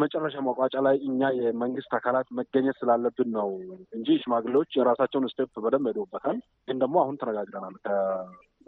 መጨረሻ መቋጫ ላይ እኛ የመንግስት አካላት መገኘት ስላለብን ነው እንጂ ሽማግሌዎች የራሳቸውን ስቴፕ በደንብ ሄደውበታል። ግን ደግሞ አሁን ተነጋግረናል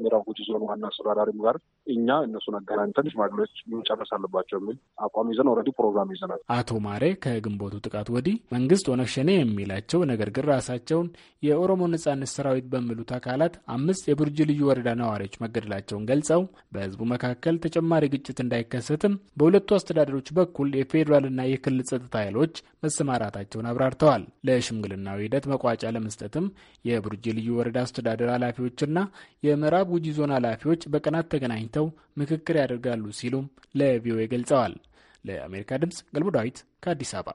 ምዕራብ ጉጂ ዞን ዋና አስተዳዳሪ ጋር እኛ እነሱን አገናኝተን ሽማግሌዎች መጨረስ አለባቸው የሚል አቋም ይዘን ኦልሬዲ ፕሮግራም ይዘናል። አቶ ማሬ ከግንቦቱ ጥቃት ወዲህ መንግስት ኦነግ ሸኔ የሚላቸው ነገር ግን ራሳቸውን የኦሮሞ ነጻነት ሰራዊት በሚሉት አካላት አምስት የቡርጂ ልዩ ወረዳ ነዋሪዎች መገደላቸውን ገልጸው በህዝቡ መካከል ተጨማሪ ግጭት እንዳይከሰትም በሁለቱ አስተዳደሮች በኩል የፌዴራልና የክልል ጸጥታ ኃይሎች መሰማራታቸውን አብራርተዋል። ለሽምግልናዊ ሂደት መቋጫ ለመስጠትም የቡርጂ ልዩ ወረዳ አስተዳደር ኃላፊዎችና የምዕራብ የምዕራብ ጉጂ ዞን ኃላፊዎች በቀናት ተገናኝተው ምክክር ያደርጋሉ ሲሉም ለቪኦኤ ገልጸዋል። ለአሜሪካ ድምፅ ገልቡ ዳዊት ከአዲስ አበባ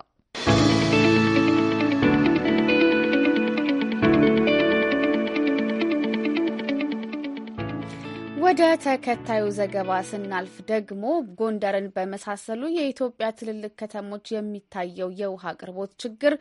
ወደ ተከታዩ ዘገባ ስናልፍ ደግሞ ጎንደርን በመሳሰሉ የኢትዮጵያ ትልልቅ ከተሞች የሚታየው የውሃ አቅርቦት ችግር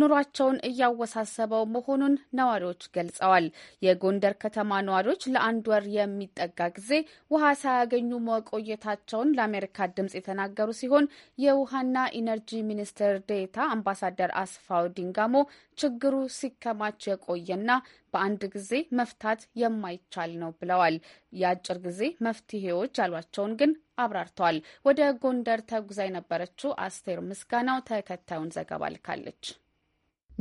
ኑሯቸውን እያወሳሰበው መሆኑን ነዋሪዎች ገልጸዋል። የጎንደር ከተማ ነዋሪዎች ለአንድ ወር የሚጠጋ ጊዜ ውሃ ሳያገኙ መቆየታቸውን ለአሜሪካ ድምጽ የተናገሩ ሲሆን የውሃና ኢነርጂ ሚኒስትር ዴታ አምባሳደር አስፋው ዲንጋሞ ችግሩ ሲከማች የቆየና በአንድ ጊዜ መፍታት የማይቻል ነው ብለዋል። የአጭር ጊዜ መፍትሄዎች ያሏቸውን ግን አብራርተዋል። ወደ ጎንደር ተጉዛ የነበረችው አስቴር ምስጋናው ተከታዩን ዘገባ ልካለች።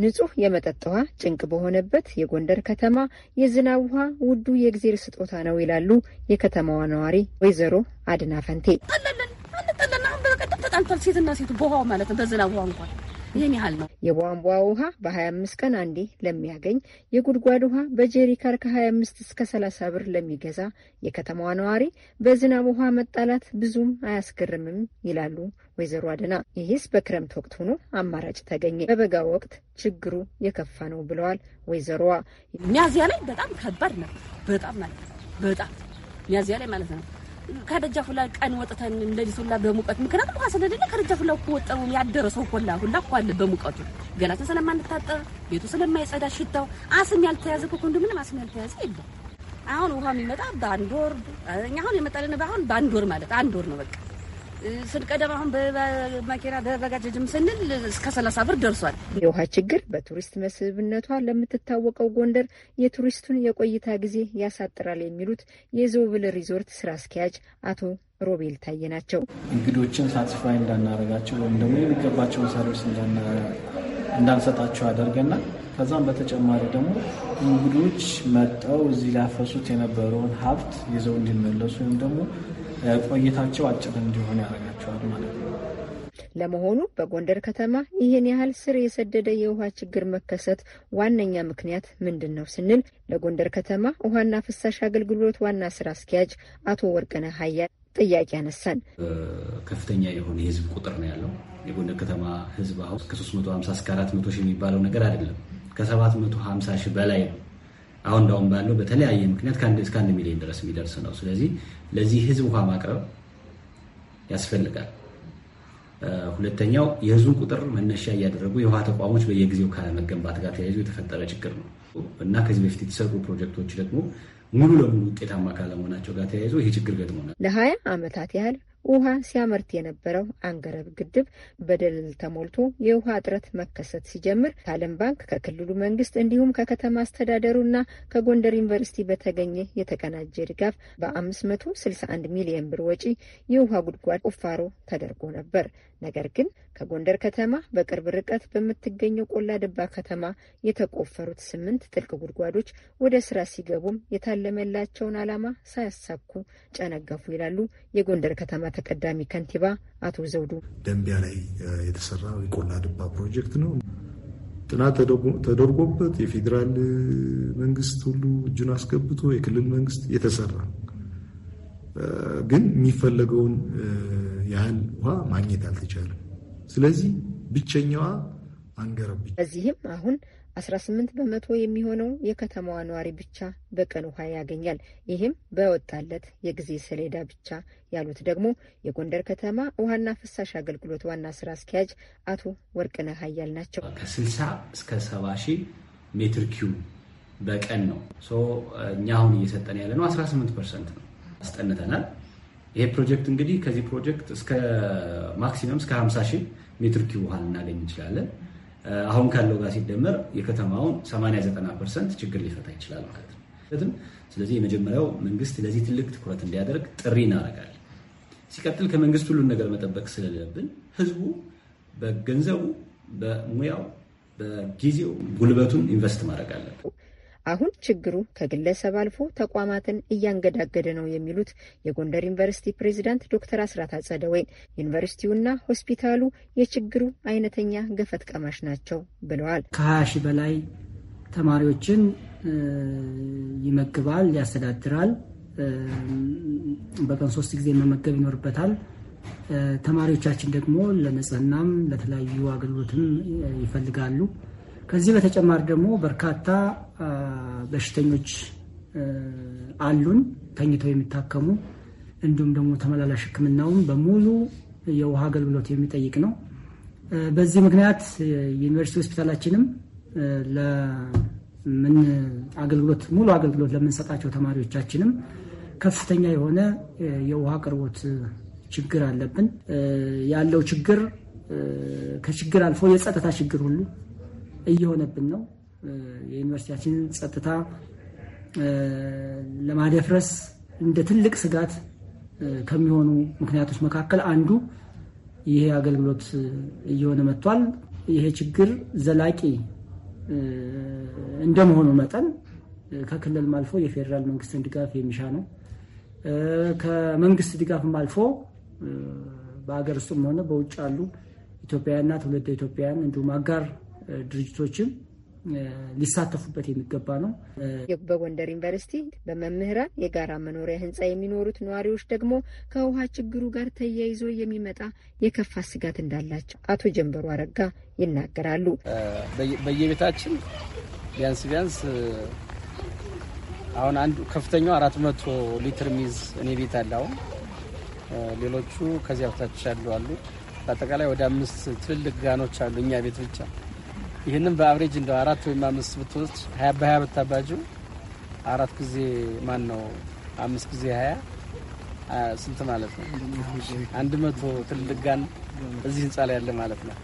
ንጹህ የመጠጥ ውሃ ጭንቅ በሆነበት የጎንደር ከተማ የዝናብ ውሃ ውዱ የእግዜር ስጦታ ነው ይላሉ የከተማዋ ነዋሪ ወይዘሮ አድና ፈንቴ። ጠለለን አንጠለና በቀጥታ ተጣልቷል። ሴትና ሴቱ በውሃው ማለት ነው በዝናብ ውሃ እንኳን ይህን ያህል ነው። የቧንቧ ውሃ በ25 ቀን አንዴ ለሚያገኝ፣ የጉድጓድ ውሃ በጄሪካር ከ25 እስከ 30 ብር ለሚገዛ የከተማዋ ነዋሪ በዝናብ ውሃ መጣላት ብዙም አያስገርምም ይላሉ ወይዘሮ አደና ይህስ በክረምት ወቅት ሆኖ አማራጭ ተገኘ፣ በበጋ ወቅት ችግሩ የከፋ ነው ብለዋል ወይዘሮዋ። ሚያዝያ ላይ በጣም ከባድ ነው። በጣም ማለት በጣም ሚያዝያ ላይ ማለት ነው ከደጃፉ ላይ ቀን ወጥተን እንደዚህ ሁላ በሙቀት ምክንያት ውሃ ስለሌለ ከደጃፉ ላይ እኮ ወጣው ያደረሰው ሁላ ሁላ እኮ አለ በሙቀቱ ገላችን ስለማንታጠብ ቤቱ ስለማይጸዳ ሽታው አስም ያልተያዘ ኮንዶሚኒየም አስም ያልተያዘ የለም። አሁን ውሃ የሚመጣ በአንድ ወር እኛ አሁን የመጣልን አሁን በአንድ ወር ማለት አንድ ወር ነው በቃ ስንቀደም አሁን በመኪና በበጋጀጅም ስንል እስከ ሰላሳ ብር ደርሷል። የውሃ ችግር በቱሪስት መስህብነቷ ለምትታወቀው ጎንደር የቱሪስቱን የቆይታ ጊዜ ያሳጥራል የሚሉት የዞብል ሪዞርት ስራ አስኪያጅ አቶ ሮቤል ታዬ ናቸው። እንግዶችን ሳትስፋይ እንዳናረጋቸው ወይም ደግሞ የሚገባቸውን ሰርቪስ እንዳንሰጣቸው አደርገና ከዛም በተጨማሪ ደግሞ እንግዶች መጠው እዚህ ላፈሱት የነበረውን ሀብት ይዘው እንዲመለሱ ወይም ደግሞ ቆይታቸው አጭር እንዲሆን ያደርጋቸዋል ማለት ነው። ለመሆኑ በጎንደር ከተማ ይህን ያህል ስር የሰደደ የውሃ ችግር መከሰት ዋነኛ ምክንያት ምንድን ነው ስንል ለጎንደር ከተማ ውሃና ፍሳሽ አገልግሎት ዋና ስራ አስኪያጅ አቶ ወርቅነህ ሀያ ጥያቄ ያነሳል። ከፍተኛ የሆነ የህዝብ ቁጥር ነው ያለው። የጎንደር ከተማ ህዝብ አሁን ከ350 እስከ 400 ሺህ የሚባለው ነገር አይደለም፣ ከ750 ሺህ በላይ ነው። አሁን እንዳሁን ባለው በተለያየ ምክንያት ከአንድ እስከ አንድ ሚሊዮን ድረስ የሚደርስ ነው። ስለዚህ ለዚህ ህዝብ ውሃ ማቅረብ ያስፈልጋል። ሁለተኛው የህዝቡን ቁጥር መነሻ እያደረጉ የውሃ ተቋሞች በየጊዜው ካለመገንባት ጋር ተያይዞ የተፈጠረ ችግር ነው እና ከዚህ በፊት የተሰሩ ፕሮጀክቶች ደግሞ ሙሉ ለሙሉ ውጤታማ ካለመሆናቸው ጋር ተያይዞ ይህ ችግር ገጥሞናል። ለሀያ ዓመታት ያህል ውሃ ሲያመርት የነበረው አንገረብ ግድብ በደለል ተሞልቶ የውሃ እጥረት መከሰት ሲጀምር ከዓለም ባንክ ከክልሉ መንግስት እንዲሁም ከከተማ አስተዳደሩ እና ከጎንደር ዩኒቨርሲቲ በተገኘ የተቀናጀ ድጋፍ በ561 ሚሊዮን ብር ወጪ የውሃ ጉድጓድ ቁፋሮ ተደርጎ ነበር። ነገር ግን ከጎንደር ከተማ በቅርብ ርቀት በምትገኘው ቆላ ደባ ከተማ የተቆፈሩት ስምንት ጥልቅ ጉድጓዶች ወደ ስራ ሲገቡም የታለመላቸውን ዓላማ ሳያሳኩ ጨነገፉ ይላሉ የጎንደር ከተማ ከተማ ተቀዳሚ ከንቲባ አቶ ዘውዱ ደንቢያ ላይ የተሰራ የቆላ ድባ ፕሮጀክት ነው። ጥናት ተደርጎበት የፌዴራል መንግስት ሁሉ እጁን አስገብቶ የክልል መንግስት የተሰራ ግን የሚፈለገውን ያህል ውሃ ማግኘት አልተቻለም። ስለዚህ ብቸኛዋ አንገረብ በዚህም አሁን 18 በመቶ የሚሆነው የከተማዋ ነዋሪ ብቻ በቀን ውሃ ያገኛል። ይህም በወጣለት የጊዜ ሰሌዳ ብቻ ያሉት ደግሞ የጎንደር ከተማ ውሃና ፍሳሽ አገልግሎት ዋና ስራ አስኪያጅ አቶ ወርቅነህ ሀያል ናቸው። ከ60 እስከ 70 ሺህ ሜትር ኪዩ በቀን ነው። እኛ አሁን እየሰጠን ያለ ነው 18 ፐርሰንት ነው። አስጠንተናል። ይሄ ፕሮጀክት እንግዲህ ከዚህ ፕሮጀክት እስከ ማክሲመም እስከ 50 ሺህ ሜትር ኪዩ ውሃ ልናገኝ እንችላለን። አሁን ካለው ጋር ሲደመር የከተማውን 89 ፐርሰንት ችግር ሊፈታ ይችላል ማለት ነው። ስለዚህ የመጀመሪያው መንግስት ለዚህ ትልቅ ትኩረት እንዲያደርግ ጥሪ እናደርጋለን። ሲቀጥል ከመንግስት ሁሉን ነገር መጠበቅ ስለሌለብን ህዝቡ በገንዘቡ፣ በሙያው፣ በጊዜው ጉልበቱን ኢንቨስት ማድረግ አለብን። አሁን ችግሩ ከግለሰብ አልፎ ተቋማትን እያንገዳገደ ነው የሚሉት የጎንደር ዩኒቨርሲቲ ፕሬዚዳንት ዶክተር አስራት አጸደወይን ዩኒቨርሲቲውና ሆስፒታሉ የችግሩ አይነተኛ ገፈት ቀማሽ ናቸው ብለዋል። ከሀያ ሺህ በላይ ተማሪዎችን ይመግባል፣ ያስተዳድራል። በቀን ሶስት ጊዜ መመገብ ይኖርበታል። ተማሪዎቻችን ደግሞ ለንጽህናም ለተለያዩ አገልግሎትም ይፈልጋሉ። ከዚህ በተጨማሪ ደግሞ በርካታ በሽተኞች አሉን ተኝተው የሚታከሙ እንዲሁም ደግሞ ተመላላሽ ሕክምናውን በሙሉ የውሃ አገልግሎት የሚጠይቅ ነው። በዚህ ምክንያት ዩኒቨርሲቲ ሆስፒታላችንም ለምን አገልግሎት ሙሉ አገልግሎት ለምንሰጣቸው ተማሪዎቻችንም ከፍተኛ የሆነ የውሃ አቅርቦት ችግር አለብን። ያለው ችግር ከችግር አልፎ የጸጥታ ችግር ሁሉ እየሆነብን ነው። የዩኒቨርሲቲያችንን ጸጥታ ለማደፍረስ እንደ ትልቅ ስጋት ከሚሆኑ ምክንያቶች መካከል አንዱ ይሄ አገልግሎት እየሆነ መጥቷል። ይሄ ችግር ዘላቂ እንደመሆኑ መጠን ከክልልም አልፎ የፌዴራል መንግስትን ድጋፍ የሚሻ ነው። ከመንግስት ድጋፍም አልፎ በሀገር ውስጥም ሆነ በውጭ ያሉ ኢትዮጵያውያንና ትውልደ ኢትዮጵያውያን እንዲሁም አጋር ድርጅቶችም ሊሳተፉበት የሚገባ ነው። በጎንደር ዩኒቨርሲቲ በመምህራን የጋራ መኖሪያ ህንፃ የሚኖሩት ነዋሪዎች ደግሞ ከውሃ ችግሩ ጋር ተያይዞ የሚመጣ የከፋ ስጋት እንዳላቸው አቶ ጀንበሩ አረጋ ይናገራሉ። በየቤታችን ቢያንስ ቢያንስ አሁን አንዱ ከፍተኛው አራት መቶ ሊትር ሚዝ እኔ ቤት አለ። አሁን ሌሎቹ ከዚያ በታች ያሉ አሉ። በአጠቃላይ ወደ አምስት ትልልቅ ጋኖች አሉ እኛ ቤት ብቻ ይህንም በአብሬጅ እንደው አራት ወይም አምስት ብትወስድ ሀያ በሀያ ብታባጁ አራት ጊዜ ማን ነው አምስት ጊዜ ሀያ ስንት ማለት ነው? አንድ መቶ ትልልቅ ጋን እዚህ ህንፃ ላይ ያለ ማለት ነው።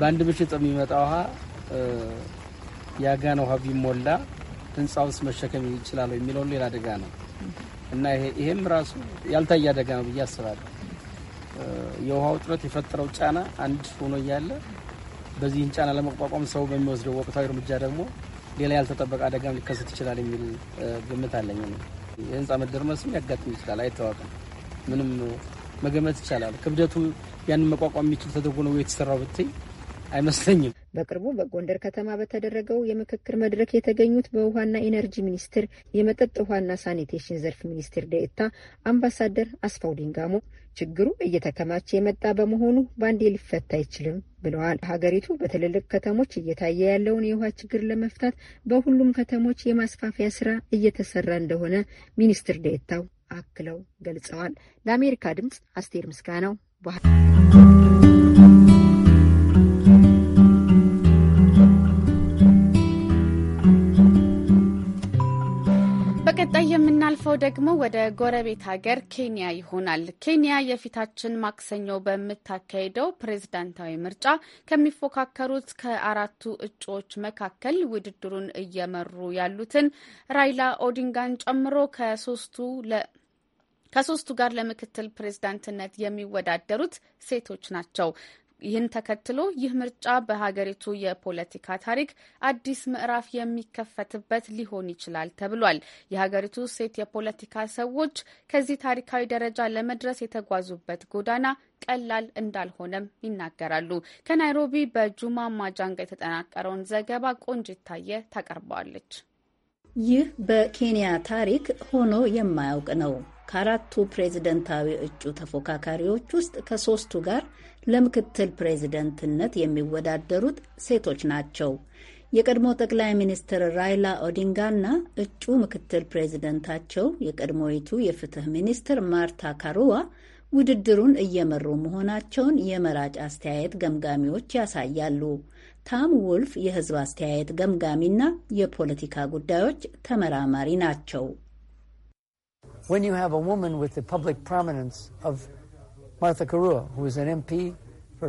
በአንድ ምሽት የሚመጣ ውሃ ያጋን ውሃ ቢሞላ ህንፃ ውስጥ መሸከም ይችላል የሚለው ሌላ አደጋ ነው እና ይሄም ራሱ ያልታየ አደጋ ነው ብዬ አስባለሁ። የውሃ ውጥረት የፈጠረው ጫና አንድ ሆኖ እያለ በዚህም ጫና ለመቋቋም ሰው በሚወስደው ወቅታዊ እርምጃ ደግሞ ሌላ ያልተጠበቀ አደጋም ሊከሰት ይችላል የሚል ግምት አለኝ። የህንፃ መደርመስም ሊያጋጥም ይችላል፣ አይታወቅም። ምንም መገመት ይቻላል። ክብደቱ ያንን መቋቋም የሚችል ተደርጎ ነው የተሰራው ብትይ አይመስለኝም። በቅርቡ በጎንደር ከተማ በተደረገው የምክክር መድረክ የተገኙት በውሃና ኢነርጂ ሚኒስቴር የመጠጥ ውሃና ሳኒቴሽን ዘርፍ ሚኒስትር ደኤታ አምባሳደር አስፋው ዲንጋሞ ችግሩ እየተከማቸ የመጣ በመሆኑ በአንዴ ሊፈታ አይችልም ብለዋል። ሀገሪቱ በትልልቅ ከተሞች እየታየ ያለውን የውሃ ችግር ለመፍታት በሁሉም ከተሞች የማስፋፊያ ስራ እየተሰራ እንደሆነ ሚኒስትር ዴታው አክለው ገልጸዋል። ለአሜሪካ ድምጽ አስቴር ምስጋናው ባህር በቀጣይ የምናልፈው ደግሞ ወደ ጎረቤት ሀገር ኬንያ ይሆናል። ኬንያ የፊታችን ማክሰኞ በምታካሄደው ፕሬዝዳንታዊ ምርጫ ከሚፎካከሩት ከአራቱ እጩዎች መካከል ውድድሩን እየመሩ ያሉትን ራይላ ኦዲንጋን ጨምሮ ከሶስቱ ለ ከሶስቱ ጋር ለምክትል ፕሬዝዳንትነት የሚወዳደሩት ሴቶች ናቸው። ይህን ተከትሎ ይህ ምርጫ በሀገሪቱ የፖለቲካ ታሪክ አዲስ ምዕራፍ የሚከፈትበት ሊሆን ይችላል ተብሏል። የሀገሪቱ ሴት የፖለቲካ ሰዎች ከዚህ ታሪካዊ ደረጃ ለመድረስ የተጓዙበት ጎዳና ቀላል እንዳልሆነም ይናገራሉ። ከናይሮቢ በጁማ ማጃንጋ የተጠናቀረውን ዘገባ ቆንጅታየ ታየ ታቀርበዋለች። ይህ በኬንያ ታሪክ ሆኖ የማያውቅ ነው። ከአራቱ ፕሬዝደንታዊ እጩ ተፎካካሪዎች ውስጥ ከሶስቱ ጋር ለምክትል ፕሬዝደንትነት የሚወዳደሩት ሴቶች ናቸው። የቀድሞ ጠቅላይ ሚኒስትር ራይላ ኦዲንጋና እጩ ምክትል ፕሬዝደንታቸው የቀድሞይቱ የፍትህ ሚኒስትር ማርታ ካሩዋ ውድድሩን እየመሩ መሆናቸውን የመራጭ አስተያየት ገምጋሚዎች ያሳያሉ። ታም ውልፍ የህዝብ አስተያየት ገምጋሚና የፖለቲካ ጉዳዮች ተመራማሪ ናቸው።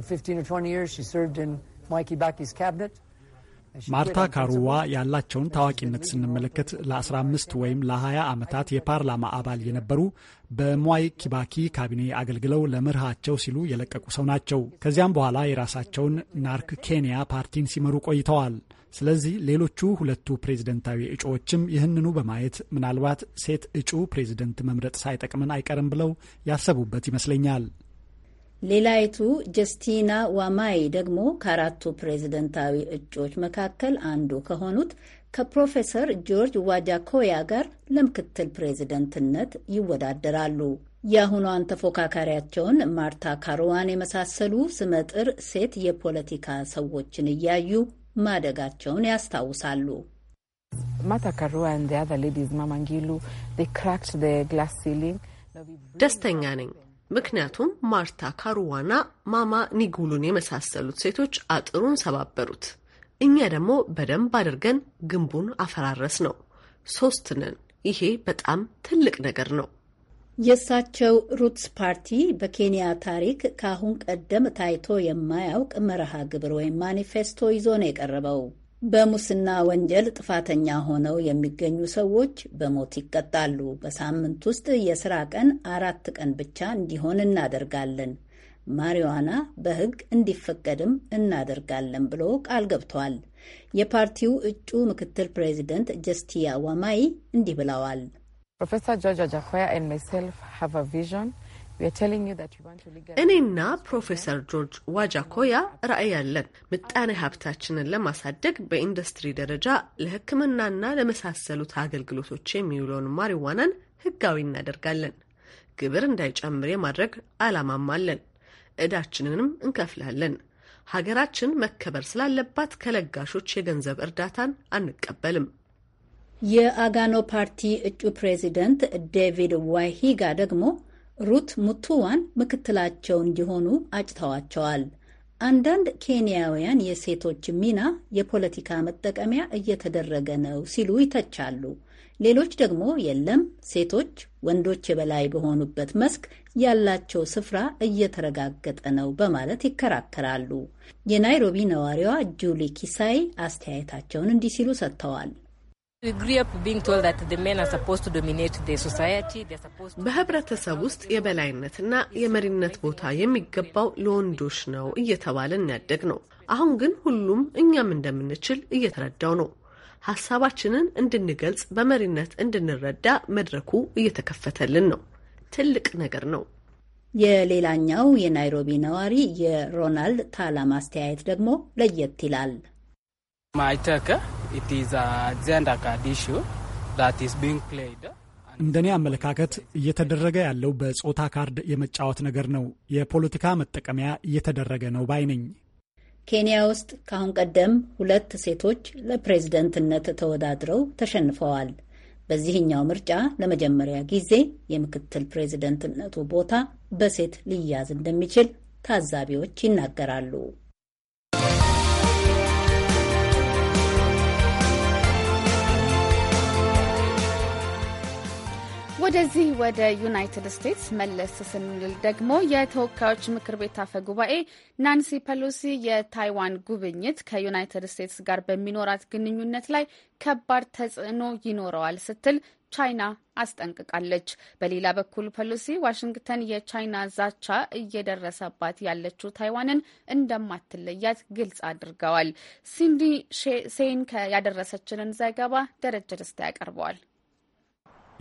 ማርታ ማይኪ ባኪስ ከሩዋ ማርታ ካሩዋ ያላቸውን ታዋቂነት ስንመለከት ለ15 ወይም ለ20 ዓመታት የፓርላማ አባል የነበሩ በሟይ ኪባኪ ካቢኔ አገልግለው ለመርሃቸው ሲሉ የለቀቁ ሰው ናቸው። ከዚያም በኋላ የራሳቸውን ናርክ ኬንያ ፓርቲን ሲመሩ ቆይተዋል። ስለዚህ ሌሎቹ ሁለቱ ፕሬዝደንታዊ እጩዎችም ይህንኑ በማየት ምናልባት ሴት እጩ ፕሬዝደንት መምረጥ ሳይጠቅምን አይቀርም ብለው ያሰቡበት ይመስለኛል። ሌላይቱ ጀስቲና ዋማይ ደግሞ ከአራቱ ፕሬዝደንታዊ እጩዎች መካከል አንዱ ከሆኑት ከፕሮፌሰር ጆርጅ ዋጃኮያ ጋር ለምክትል ፕሬዝደንትነት ይወዳደራሉ። የአሁኗን ተፎካካሪያቸውን ማርታ ካሮዋን የመሳሰሉ ስመጥር ሴት የፖለቲካ ሰዎችን እያዩ ማደጋቸውን ያስታውሳሉ። ማርታ ማማንጊሉ ደስተኛ ነኝ። ምክንያቱም ማርታ ካሩዋና ማማ ኒጉሉን የመሳሰሉት ሴቶች አጥሩን ሰባበሩት። እኛ ደግሞ በደንብ አድርገን ግንቡን አፈራረስ ነው። ሶስት ነን። ይሄ በጣም ትልቅ ነገር ነው። የእሳቸው ሩትስ ፓርቲ በኬንያ ታሪክ ከአሁን ቀደም ታይቶ የማያውቅ መርሃ ግብር ወይም ማኒፌስቶ ይዞ ነው የቀረበው። በሙስና ወንጀል ጥፋተኛ ሆነው የሚገኙ ሰዎች በሞት ይቀጣሉ። በሳምንት ውስጥ የስራ ቀን አራት ቀን ብቻ እንዲሆን እናደርጋለን። ማሪዋና በሕግ እንዲፈቀድም እናደርጋለን ብሎ ቃል ገብቷል። የፓርቲው እጩ ምክትል ፕሬዚደንት ጀስቲያ ዋማይ እንዲህ ብለዋል። ፕሮፌሰር ጆርጅ አጃኮያ ኤንድ ማይሰልፍ ሃቭ ቪዥን እኔና ፕሮፌሰር ጆርጅ ዋጃኮያ ራዕይ አለን። ምጣኔ ሀብታችንን ለማሳደግ በኢንዱስትሪ ደረጃ ለሕክምናና ለመሳሰሉት አገልግሎቶች የሚውለውን ማሪዋናን ህጋዊ እናደርጋለን። ግብር እንዳይጨምር የማድረግ አላማም አለን። እዳችንንም እንከፍላለን። ሀገራችን መከበር ስላለባት ከለጋሾች የገንዘብ እርዳታን አንቀበልም። የአጋኖ ፓርቲ እጩ ፕሬዚደንት ዴቪድ ዋሂጋ ደግሞ ሩት ሙቱዋን ምክትላቸው እንዲሆኑ አጭተዋቸዋል። አንዳንድ ኬንያውያን የሴቶች ሚና የፖለቲካ መጠቀሚያ እየተደረገ ነው ሲሉ ይተቻሉ። ሌሎች ደግሞ የለም፣ ሴቶች ወንዶች የበላይ በሆኑበት መስክ ያላቸው ስፍራ እየተረጋገጠ ነው በማለት ይከራከራሉ። የናይሮቢ ነዋሪዋ ጁሊ ኪሳይ አስተያየታቸውን እንዲህ ሲሉ ሰጥተዋል። በህብረተሰብ ውስጥ የበላይነትና የመሪነት ቦታ የሚገባው ለወንዶች ነው እየተባለ እናያደግ ነው። አሁን ግን ሁሉም እኛም እንደምንችል እየተረዳው ነው። ሀሳባችንን እንድንገልጽ በመሪነት እንድንረዳ መድረኩ እየተከፈተልን ነው። ትልቅ ነገር ነው። የሌላኛው የናይሮቢ ነዋሪ የሮናልድ ታላ ማስተያየት ደግሞ ለየት ይላል። Eh? Eh? እንደኔ አመለካከት እየተደረገ ያለው በጾታ ካርድ የመጫወት ነገር ነው። የፖለቲካ መጠቀሚያ እየተደረገ ነው ባይ ነኝ። ኬንያ ውስጥ ከአሁን ቀደም ሁለት ሴቶች ለፕሬዝደንትነት ተወዳድረው ተሸንፈዋል። በዚህኛው ምርጫ ለመጀመሪያ ጊዜ የምክትል ፕሬዝደንትነቱ ቦታ በሴት ሊያዝ እንደሚችል ታዛቢዎች ይናገራሉ። ወደዚህ ወደ ዩናይትድ ስቴትስ መለስ ስንል ደግሞ የተወካዮች ምክር ቤት አፈ ጉባኤ ናንሲ ፐሎሲ የታይዋን ጉብኝት ከዩናይትድ ስቴትስ ጋር በሚኖራት ግንኙነት ላይ ከባድ ተጽዕኖ ይኖረዋል ስትል ቻይና አስጠንቅቃለች። በሌላ በኩል ፐሎሲ ዋሽንግተን የቻይና ዛቻ እየደረሰባት ያለችው ታይዋንን እንደማትለያት ግልጽ አድርገዋል። ሲንዲ ሴን ያደረሰችንን ዘገባ ደረጀ ደስታ ያቀርበዋል።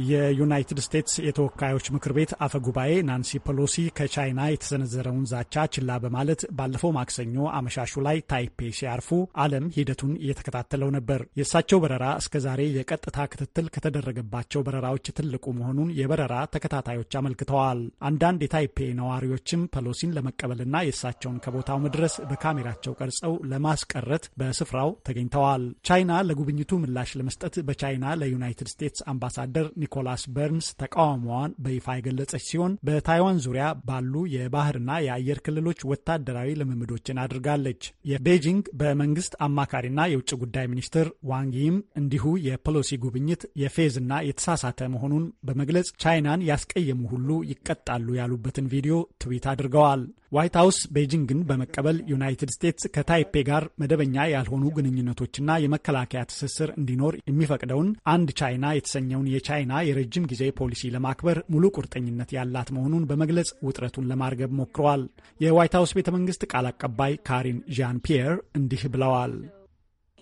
የዩናይትድ ስቴትስ የተወካዮች ምክር ቤት አፈ ጉባኤ ናንሲ ፔሎሲ ከቻይና የተሰነዘረውን ዛቻ ችላ በማለት ባለፈው ማክሰኞ አመሻሹ ላይ ታይፔ ሲያርፉ ዓለም ሂደቱን እየተከታተለው ነበር። የእሳቸው በረራ እስከዛሬ የቀጥታ ክትትል ከተደረገባቸው በረራዎች ትልቁ መሆኑን የበረራ ተከታታዮች አመልክተዋል። አንዳንድ የታይፔ ነዋሪዎችም ፔሎሲን ለመቀበልና የእሳቸውን ከቦታው መድረስ በካሜራቸው ቀርጸው ለማስቀረት በስፍራው ተገኝተዋል። ቻይና ለጉብኝቱ ምላሽ ለመስጠት በቻይና ለዩናይትድ ስቴትስ አምባሳደር ኒኮላስ በርንስ ተቃውሞዋን በይፋ የገለጸች ሲሆን በታይዋን ዙሪያ ባሉ የባህርና የአየር ክልሎች ወታደራዊ ልምምዶችን አድርጋለች። የቤጂንግ በመንግስት አማካሪና የውጭ ጉዳይ ሚኒስትር ዋንጊም እንዲሁ የፖሎሲ ጉብኝት የፌዝና የተሳሳተ መሆኑን በመግለጽ ቻይናን ያስቀየሙ ሁሉ ይቀጣሉ ያሉበትን ቪዲዮ ትዊት አድርገዋል። ዋይት ሀውስ ቤጂንግን በመቀበል ዩናይትድ ስቴትስ ከታይፔ ጋር መደበኛ ያልሆኑ ግንኙነቶችና የመከላከያ ትስስር እንዲኖር የሚፈቅደውን አንድ ቻይና የተሰኘውን የቻይና የረጅም ጊዜ ፖሊሲ ለማክበር ሙሉ ቁርጠኝነት ያላት መሆኑን በመግለጽ ውጥረቱን ለማርገብ ሞክረዋል። የዋይት ሀውስ ቤተ መንግስት ቃል አቀባይ ካሪን ዣን ፒየር እንዲህ ብለዋል።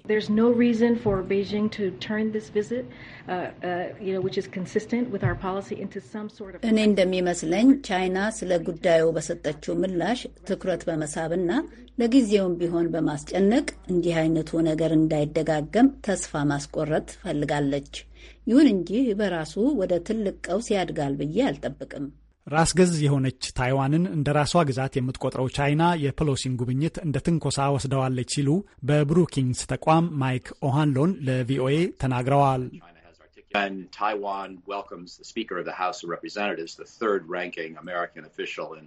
There's no reason for Beijing to turn this visit, uh, uh, you know, which is consistent with our policy, into some sort of. እኔ እንደሚመስለኝ ቻይና ስለ ጉዳዩ በሰጠችው ምላሽ ትኩረት በመሳብና ለጊዜውም ቢሆን በማስጨነቅ እንዲህ አይነቱ ነገር እንዳይደጋገም ተስፋ ማስቆረጥ ፈልጋለች። ይሁን እንጂ በራሱ ወደ ትልቅ ቀውስ ያድጋል ብዬ አልጠብቅም። ራስ ገዝ የሆነች ታይዋንን እንደ ራሷ ግዛት የምትቆጥረው ቻይና የፕሎሲን ጉብኝት እንደ ትንኮሳ ወስደዋለች ሲሉ በብሩኪንግስ ተቋም ማይክ ኦሃንሎን ለቪኦኤ ተናግረዋል። ታይዋን welcomes the Speaker of the House of Representatives, the third ranking American official in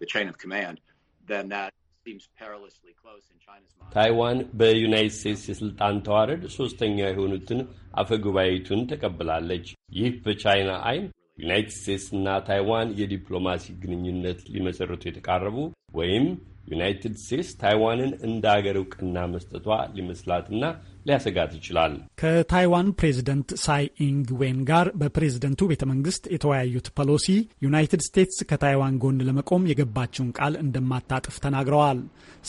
the chain of command, then that seems perilously close in China's mind. ታይዋን በዩናይት ስቴትስ የስልጣን ተዋረድ ሶስተኛ የሆኑትን አፈ ጉባኤቱን ተቀብላለች። ይህ በቻይና አይን ዩናይትድ ስቴትስ እና ታይዋን የዲፕሎማሲ ግንኙነት ሊመሰርቱ የተቃረቡ ወይም ዩናይትድ ስቴትስ ታይዋንን እንደ አገር እውቅና መስጠቷ ሊመስላትና ሊያሰጋት ይችላል። ከታይዋን ፕሬዝደንት ሳይ ኢንግ ዌን ጋር በፕሬዝደንቱ ቤተ መንግስት የተወያዩት ፐሎሲ ዩናይትድ ስቴትስ ከታይዋን ጎን ለመቆም የገባችውን ቃል እንደማታጥፍ ተናግረዋል።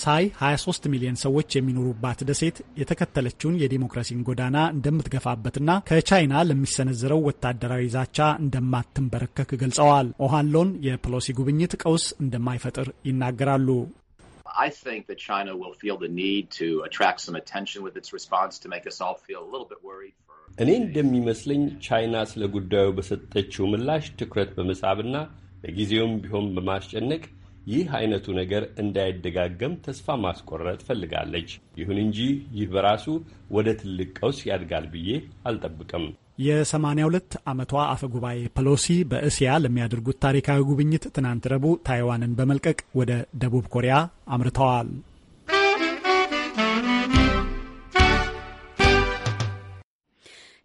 ሳይ 23 ሚሊዮን ሰዎች የሚኖሩባት ደሴት የተከተለችውን የዲሞክራሲን ጎዳና እንደምትገፋበትና ከቻይና ለሚሰነዝረው ወታደራዊ ዛቻ እንደማትንበረከክ ገልጸዋል። ኦሃንሎን የፕሎሲ ጉብኝት ቀውስ እንደማይፈጥር ይናገራሉ። I think that China will feel the need to attract some attention with its response to make us all feel a little bit worried. እኔ እንደሚመስለኝ ቻይና ስለ ጉዳዩ በሰጠችው ምላሽ ትኩረት በመሳብና ለጊዜውም ቢሆን በማስጨነቅ ይህ አይነቱ ነገር እንዳይደጋገም ተስፋ ማስቆረጥ ፈልጋለች። ይሁን እንጂ ይህ በራሱ ወደ ትልቅ ቀውስ ያድጋል ብዬ አልጠብቅም። የ82 ዓመቷ አፈጉባኤ ፔሎሲ በእስያ ለሚያደርጉት ታሪካዊ ጉብኝት ትናንት ረቡዕ ታይዋንን በመልቀቅ ወደ ደቡብ ኮሪያ አምርተዋል።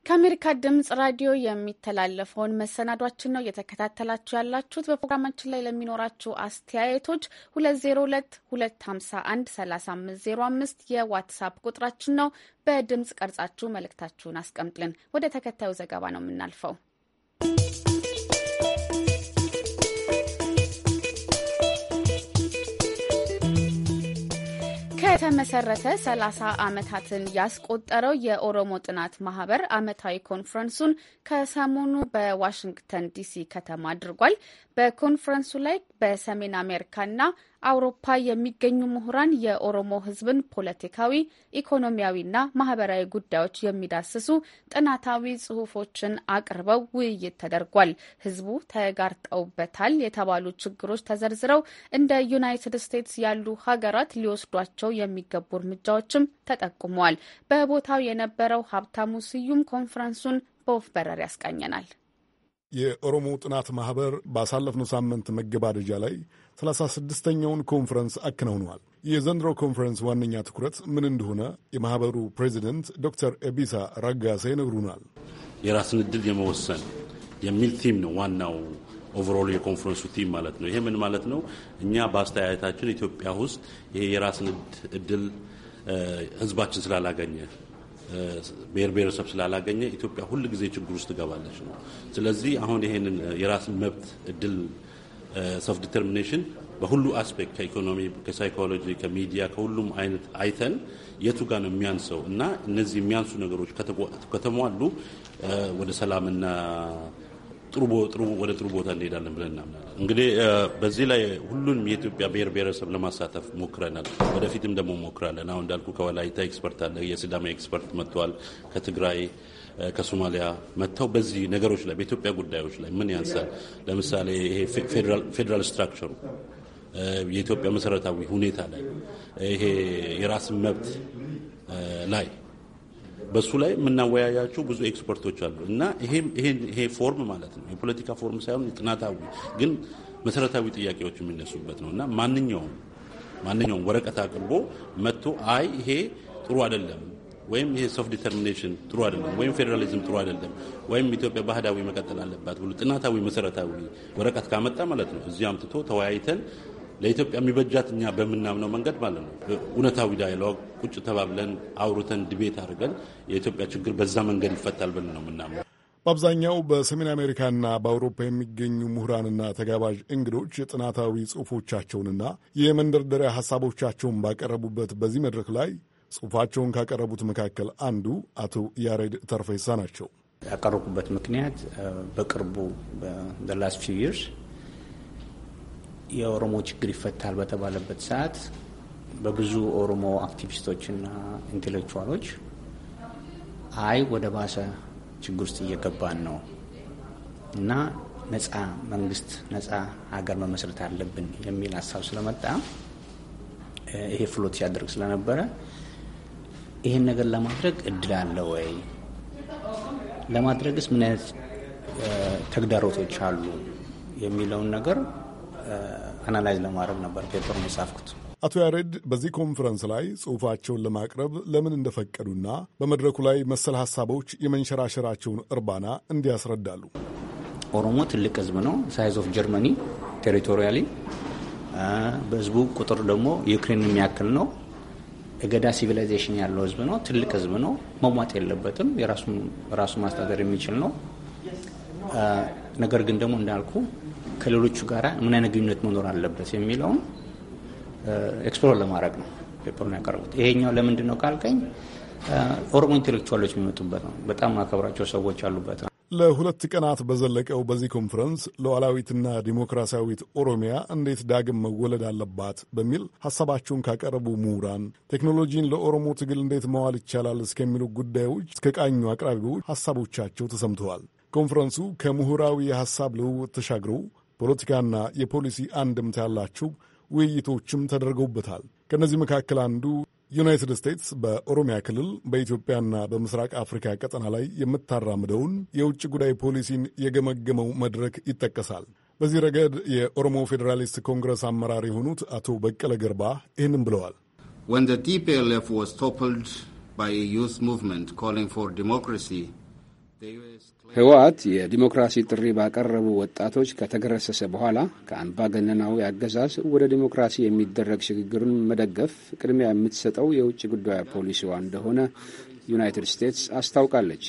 ከአሜሪካ ድምጽ ራዲዮ የሚተላለፈውን መሰናዷችን ነው እየተከታተላችሁ ያላችሁት። በፕሮግራማችን ላይ ለሚኖራችሁ አስተያየቶች 2022513505 የዋትሳፕ ቁጥራችን ነው። በድምጽ ቀርጻችሁ መልእክታችሁን አስቀምጥልን ወደ ተከታዩ ዘገባ ነው የምናልፈው። ከተመሰረተ 30 ዓመታትን ያስቆጠረው የኦሮሞ ጥናት ማህበር ዓመታዊ ኮንፈረንሱን ከሰሞኑ በዋሽንግተን ዲሲ ከተማ አድርጓል። በኮንፈረንሱ ላይ በሰሜን አሜሪካና አውሮፓ የሚገኙ ምሁራን የኦሮሞ ሕዝብን ፖለቲካዊ፣ ኢኮኖሚያዊና ማህበራዊ ጉዳዮች የሚዳስሱ ጥናታዊ ጽሁፎችን አቅርበው ውይይት ተደርጓል። ሕዝቡ ተጋርጠውበታል የተባሉ ችግሮች ተዘርዝረው እንደ ዩናይትድ ስቴትስ ያሉ ሀገራት ሊወስዷቸው የሚገቡ እርምጃዎችም ተጠቁመዋል። በቦታው የነበረው ሀብታሙ ስዩም ኮንፈረንሱን በወፍ በረር ያስቃኘናል። የኦሮሞ ጥናት ማህበር ባሳለፍነው ሳምንት መገባደጃ ላይ 36 ስድስተኛውን ኮንፈረንስ አከናውነዋል። የዘንድሮ ኮንፈረንስ ዋነኛ ትኩረት ምን እንደሆነ የማህበሩ ፕሬዚደንት ዶክተር ኤቢሳ ረጋሳ ይነግሩናል። የራስን እድል የመወሰን የሚል ቲም ነው ዋናው ኦቨሮል የኮንፈረንሱ ቲም ማለት ነው። ይሄ ምን ማለት ነው? እኛ በአስተያየታችን ኢትዮጵያ ውስጥ ይሄ የራስን እድል ህዝባችን ስላላገኘ ብሔር ብሔረሰብ ስላላገኘ ኢትዮጵያ ሁል ጊዜ ችግር ውስጥ ትገባለች ነው። ስለዚህ አሁን ይሄንን የራስን መብት እድል ሰልፍ ዲተርሚኔሽን በሁሉ አስፔክት ከኢኮኖሚ፣ ከሳይኮሎጂ፣ ከሚዲያ ከሁሉም አይነት አይተን የቱ ጋር ነው የሚያንሰው እና እነዚህ የሚያንሱ ነገሮች ከተሟሉ ወደ ሰላምና ወደ ጥሩ ቦታ እንሄዳለን ብለን እናምናለን። እንግዲህ በዚህ ላይ ሁሉንም የኢትዮጵያ ብሔር ብሔረሰብ ለማሳተፍ ሞክረናል። ወደፊትም ደግሞ ሞክራለን። አሁን እንዳልኩ ከወላይታ ኤክስፐርት አለ፣ የስዳማ ኤክስፐርት መጥተዋል። ከትግራይ ከሶማሊያ መጥተው በዚህ ነገሮች ላይ በኢትዮጵያ ጉዳዮች ላይ ምን ያንሳል፣ ለምሳሌ ይሄ ፌዴራል ስትራክቸሩ የኢትዮጵያ መሰረታዊ ሁኔታ ላይ ይሄ የራስን መብት ላይ በሱ ላይ የምናወያያቸው ብዙ ኤክስፐርቶች አሉ እና ይሄ ፎርም ማለት ነው የፖለቲካ ፎርም ሳይሆን ጥናታዊ ግን መሰረታዊ ጥያቄዎች የሚነሱበት ነው እና ማንኛውም ማንኛውም ወረቀት አቅርቦ መጥቶ አይ ይሄ ጥሩ አይደለም ወይም ይሄ ሶፍት ዲተርሚኔሽን ጥሩ አይደለም ወይም ፌዴራሊዝም ጥሩ አይደለም ወይም ኢትዮጵያ ባህዳዊ መቀጠል አለባት ብሎ ጥናታዊ መሰረታዊ ወረቀት ካመጣ ማለት ነው እዚያ አምጥቶ ተወያይተን ለኢትዮጵያ የሚበጃት እኛ በምናምነው መንገድ ማለት ነው። እውነታዊ ዳይሎግ ቁጭ ተባብለን አውርተን ድቤት አድርገን የኢትዮጵያ ችግር በዛ መንገድ ይፈታል ብለን ነው የምናምነው። በአብዛኛው በሰሜን አሜሪካና በአውሮፓ የሚገኙ ምሁራንና ተጋባዥ እንግዶች የጥናታዊ ጽሑፎቻቸውንና የመንደርደሪያ ሐሳቦቻቸውን ባቀረቡበት በዚህ መድረክ ላይ ጽሑፋቸውን ካቀረቡት መካከል አንዱ አቶ ያሬድ ተርፌሳ ናቸው። ያቀረቡበት ምክንያት በቅርቡ ላስት ፊው ይርስ የኦሮሞ ችግር ይፈታል በተባለበት ሰዓት በብዙ ኦሮሞ አክቲቪስቶችና ኢንቴሌክቹዋሎች አይ ወደ ባሰ ችግር ውስጥ እየገባን ነው እና ነጻ መንግስት፣ ነጻ ሀገር መመስረት አለብን የሚል ሀሳብ ስለመጣ ይሄ ፍሎት ሲያደርግ ስለነበረ ይህን ነገር ለማድረግ እድል አለ ወይ? ለማድረግስ ምን አይነት ተግዳሮቶች አሉ የሚለውን ነገር አናላይዝ ለማድረግ ነበር ፔፐር የጻፍኩት። አቶ ያሬድ በዚህ ኮንፈረንስ ላይ ጽሑፋቸውን ለማቅረብ ለምን እንደፈቀዱና በመድረኩ ላይ መሰል ሀሳቦች የመንሸራሸራቸውን እርባና እንዲያስረዳሉ። ኦሮሞ ትልቅ ህዝብ ነው፣ ሳይዝ ኦፍ ጀርመኒ ቴሪቶሪያሊ። በህዝቡ ቁጥር ደግሞ ዩክሬን የሚያክል ነው። የገዳ ሲቪላይዜሽን ያለው ህዝብ ነው፣ ትልቅ ህዝብ ነው። መሟጥ የለበትም፣ ራሱ ማስተዳደር የሚችል ነው። ነገር ግን ደግሞ እንዳልኩ ከሌሎቹ ጋራ ምን አይነት ግንኙነት መኖር አለበት የሚለውን ኤክስፕሎር ለማድረግ ነው ፔፐሩን ያቀረቡት። ይሄኛው ለምንድን ነው ካልቀኝ ኦሮሞ ኢንቴሌክቹዋሎች የሚመጡበት ነው። በጣም አከብራቸው ሰዎች አሉበት ነው። ለሁለት ቀናት በዘለቀው በዚህ ኮንፈረንስ ሉዓላዊትና ዲሞክራሲያዊት ኦሮሚያ እንዴት ዳግም መወለድ አለባት በሚል ሀሳባቸውን ካቀረቡ ምሁራን፣ ቴክኖሎጂን ለኦሮሞ ትግል እንዴት መዋል ይቻላል እስከሚሉ ጉዳዮች ከቃኙ አቅራቢዎች ሀሳቦቻቸው ተሰምተዋል። ኮንፈረንሱ ከምሁራዊ የሀሳብ ልውውጥ ተሻግሮ ፖለቲካና የፖሊሲ አንድምት ያላቸው ውይይቶችም ተደርገውበታል። ከእነዚህ መካከል አንዱ ዩናይትድ ስቴትስ በኦሮሚያ ክልል በኢትዮጵያና በምስራቅ አፍሪካ ቀጠና ላይ የምታራምደውን የውጭ ጉዳይ ፖሊሲን የገመገመው መድረክ ይጠቀሳል። በዚህ ረገድ የኦሮሞ ፌዴራሊስት ኮንግረስ አመራር የሆኑት አቶ በቀለ ገርባ ይህንም ብለዋል። ወን ዘ ቲፒኤልኤፍ ዋዝ ቶፕልድ ባይ ዩዝ ሙቭመንት ኮሊንግ ፎር ዲሞክራሲ ህወሓት የዲሞክራሲ ጥሪ ባቀረቡ ወጣቶች ከተገረሰሰ በኋላ ከአምባገነናዊ አገዛዝ ወደ ዲሞክራሲ የሚደረግ ሽግግርን መደገፍ ቅድሚያ የምትሰጠው የውጭ ጉዳይ ፖሊሲዋ እንደሆነ ዩናይትድ ስቴትስ አስታውቃለች።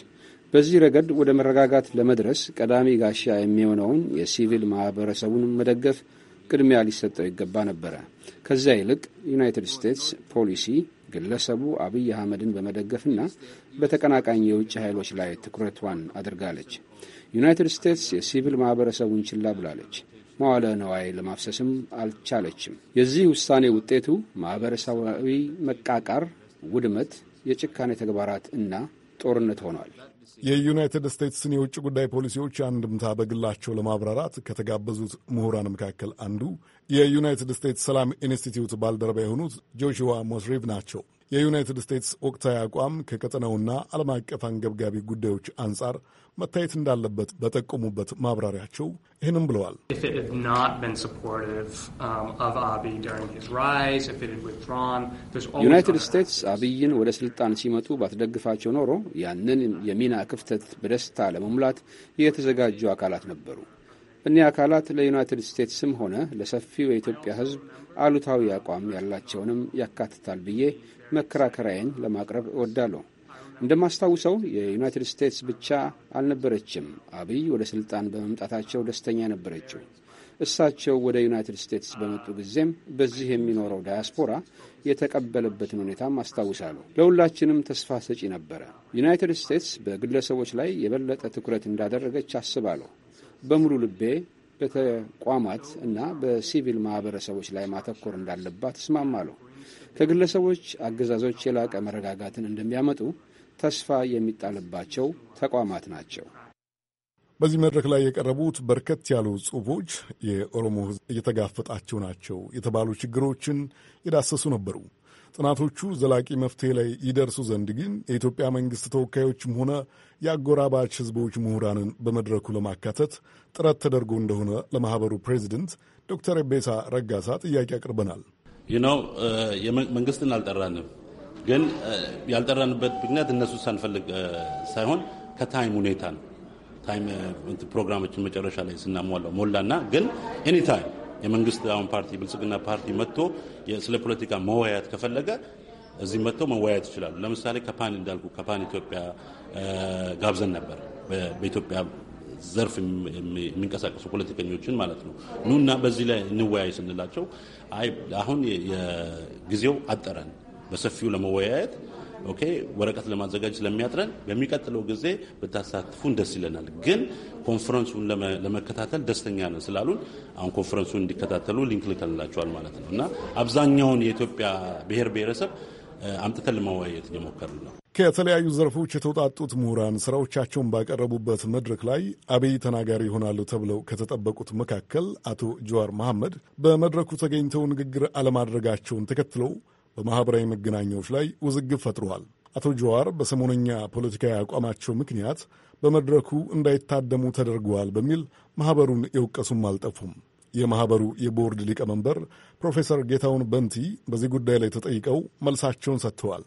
በዚህ ረገድ ወደ መረጋጋት ለመድረስ ቀዳሚ ጋሻ የሚሆነውን የሲቪል ማህበረሰቡን መደገፍ ቅድሚያ ሊሰጠው ይገባ ነበረ። ከዚያ ይልቅ ዩናይትድ ስቴትስ ፖሊሲ ግለሰቡ አብይ አህመድን በመደገፍና በተቀናቃኝ የውጭ ኃይሎች ላይ ትኩረቷን አድርጋለች። ዩናይትድ ስቴትስ የሲቪል ማህበረሰቡን ችላ ብላለች። መዋለ ነዋይ ለማፍሰስም አልቻለችም። የዚህ ውሳኔ ውጤቱ ማህበረሰባዊ መቃቃር፣ ውድመት፣ የጭካኔ ተግባራት እና ጦርነት ሆኗል። የዩናይትድ ስቴትስን የውጭ ጉዳይ ፖሊሲዎች አንድምታ በግላቸው ለማብራራት ከተጋበዙት ምሁራን መካከል አንዱ የዩናይትድ ስቴትስ ሰላም ኢንስቲትዩት ባልደረባ የሆኑት ጆሹዋ ሞስሪቭ ናቸው። የዩናይትድ ስቴትስ ወቅታዊ አቋም ከቀጠናውና ዓለም አቀፍ አንገብጋቢ ጉዳዮች አንጻር መታየት እንዳለበት በጠቆሙበት ማብራሪያቸው ይህንም ብለዋል። um, ዩናይትድ ስቴትስ አብይን ወደ ስልጣን ሲመጡ ባትደግፋቸው ኖሮ ያንን የሚና ክፍተት በደስታ ለመሙላት የተዘጋጁ አካላት ነበሩ። እኒህ አካላት ለዩናይትድ ስቴትስም ሆነ ለሰፊው የኢትዮጵያ ሕዝብ አሉታዊ አቋም ያላቸውንም ያካትታል ብዬ መከራከሪያዬን ለማቅረብ እወዳለሁ። እንደማስታውሰው የዩናይትድ ስቴትስ ብቻ አልነበረችም አብይ ወደ ሥልጣን በመምጣታቸው ደስተኛ ነበረችው። እሳቸው ወደ ዩናይትድ ስቴትስ በመጡ ጊዜም በዚህ የሚኖረው ዳያስፖራ የተቀበለበትን ሁኔታም አስታውሳሉ። ለሁላችንም ተስፋ ሰጪ ነበረ። ዩናይትድ ስቴትስ በግለሰቦች ላይ የበለጠ ትኩረት እንዳደረገች አስባለሁ። በሙሉ ልቤ በተቋማት እና በሲቪል ማህበረሰቦች ላይ ማተኮር እንዳለባት እስማማለሁ። ከግለሰቦች አገዛዞች የላቀ መረጋጋትን እንደሚያመጡ ተስፋ የሚጣልባቸው ተቋማት ናቸው። በዚህ መድረክ ላይ የቀረቡት በርከት ያሉ ጽሁፎች የኦሮሞ ሕዝብ እየተጋፈጣቸው ናቸው የተባሉ ችግሮችን የዳሰሱ ነበሩ። ጥናቶቹ ዘላቂ መፍትሄ ላይ ይደርሱ ዘንድ ግን የኢትዮጵያ መንግሥት ተወካዮችም ሆነ የአጎራባች ህዝቦች ምሁራንን በመድረኩ ለማካተት ጥረት ተደርጎ እንደሆነ ለማህበሩ ፕሬዚደንት ዶክተር ኤቤሳ ረጋሳ ጥያቄ አቅርበናል። ይነው uh, መንግስትን አልጠራንም። ግን uh, ያልጠራንበት ምክንያት እነሱ ሳንፈልግ uh, ሳይሆን ከታይም ሁኔታ ነው። ታይም ፕሮግራሞችን መጨረሻ ላይ ስናሟላው ሞላና፣ ግን ኤኒ የመንግስት አሁን ፓርቲ ብልጽግና ፓርቲ መጥቶ ስለ ፖለቲካ መወያየት ከፈለገ እዚህ መጥተው መወያየት ይችላሉ። ለምሳሌ ከፓን እንዳልኩ ከፓን ኢትዮጵያ ጋብዘን ነበር። በኢትዮጵያ ዘርፍ የሚንቀሳቀሱ ፖለቲከኞችን ማለት ነው። ኑና በዚህ ላይ እንወያይ ስንላቸው አይ አሁን ጊዜው አጠረን በሰፊው ለመወያየት ኦኬ ወረቀት ለማዘጋጀት ስለሚያጥረን በሚቀጥለው ጊዜ ብታሳትፉን ደስ ይለናል፣ ግን ኮንፈረንሱን ለመከታተል ደስተኛ ነን ስላሉን አሁን ኮንፈረንሱን እንዲከታተሉ ሊንክ ልከንላቸዋል ማለት ነው እና አብዛኛውን የኢትዮጵያ ብሔር ብሔረሰብ አምጥተን ለማወያየት እየሞከርን ነው። ከተለያዩ ዘርፎች የተውጣጡት ምሁራን ስራዎቻቸውን ባቀረቡበት መድረክ ላይ አብይ ተናጋሪ ይሆናሉ ተብለው ከተጠበቁት መካከል አቶ ጀዋር መሐመድ በመድረኩ ተገኝተው ንግግር አለማድረጋቸውን ተከትለው በማኅበራዊ መገናኛዎች ላይ ውዝግብ ፈጥረዋል። አቶ ጀዋር በሰሞነኛ ፖለቲካዊ አቋማቸው ምክንያት በመድረኩ እንዳይታደሙ ተደርገዋል በሚል ማኅበሩን የወቀሱም አልጠፉም። የማኅበሩ የቦርድ ሊቀመንበር ፕሮፌሰር ጌታውን በንቲ በዚህ ጉዳይ ላይ ተጠይቀው መልሳቸውን ሰጥተዋል።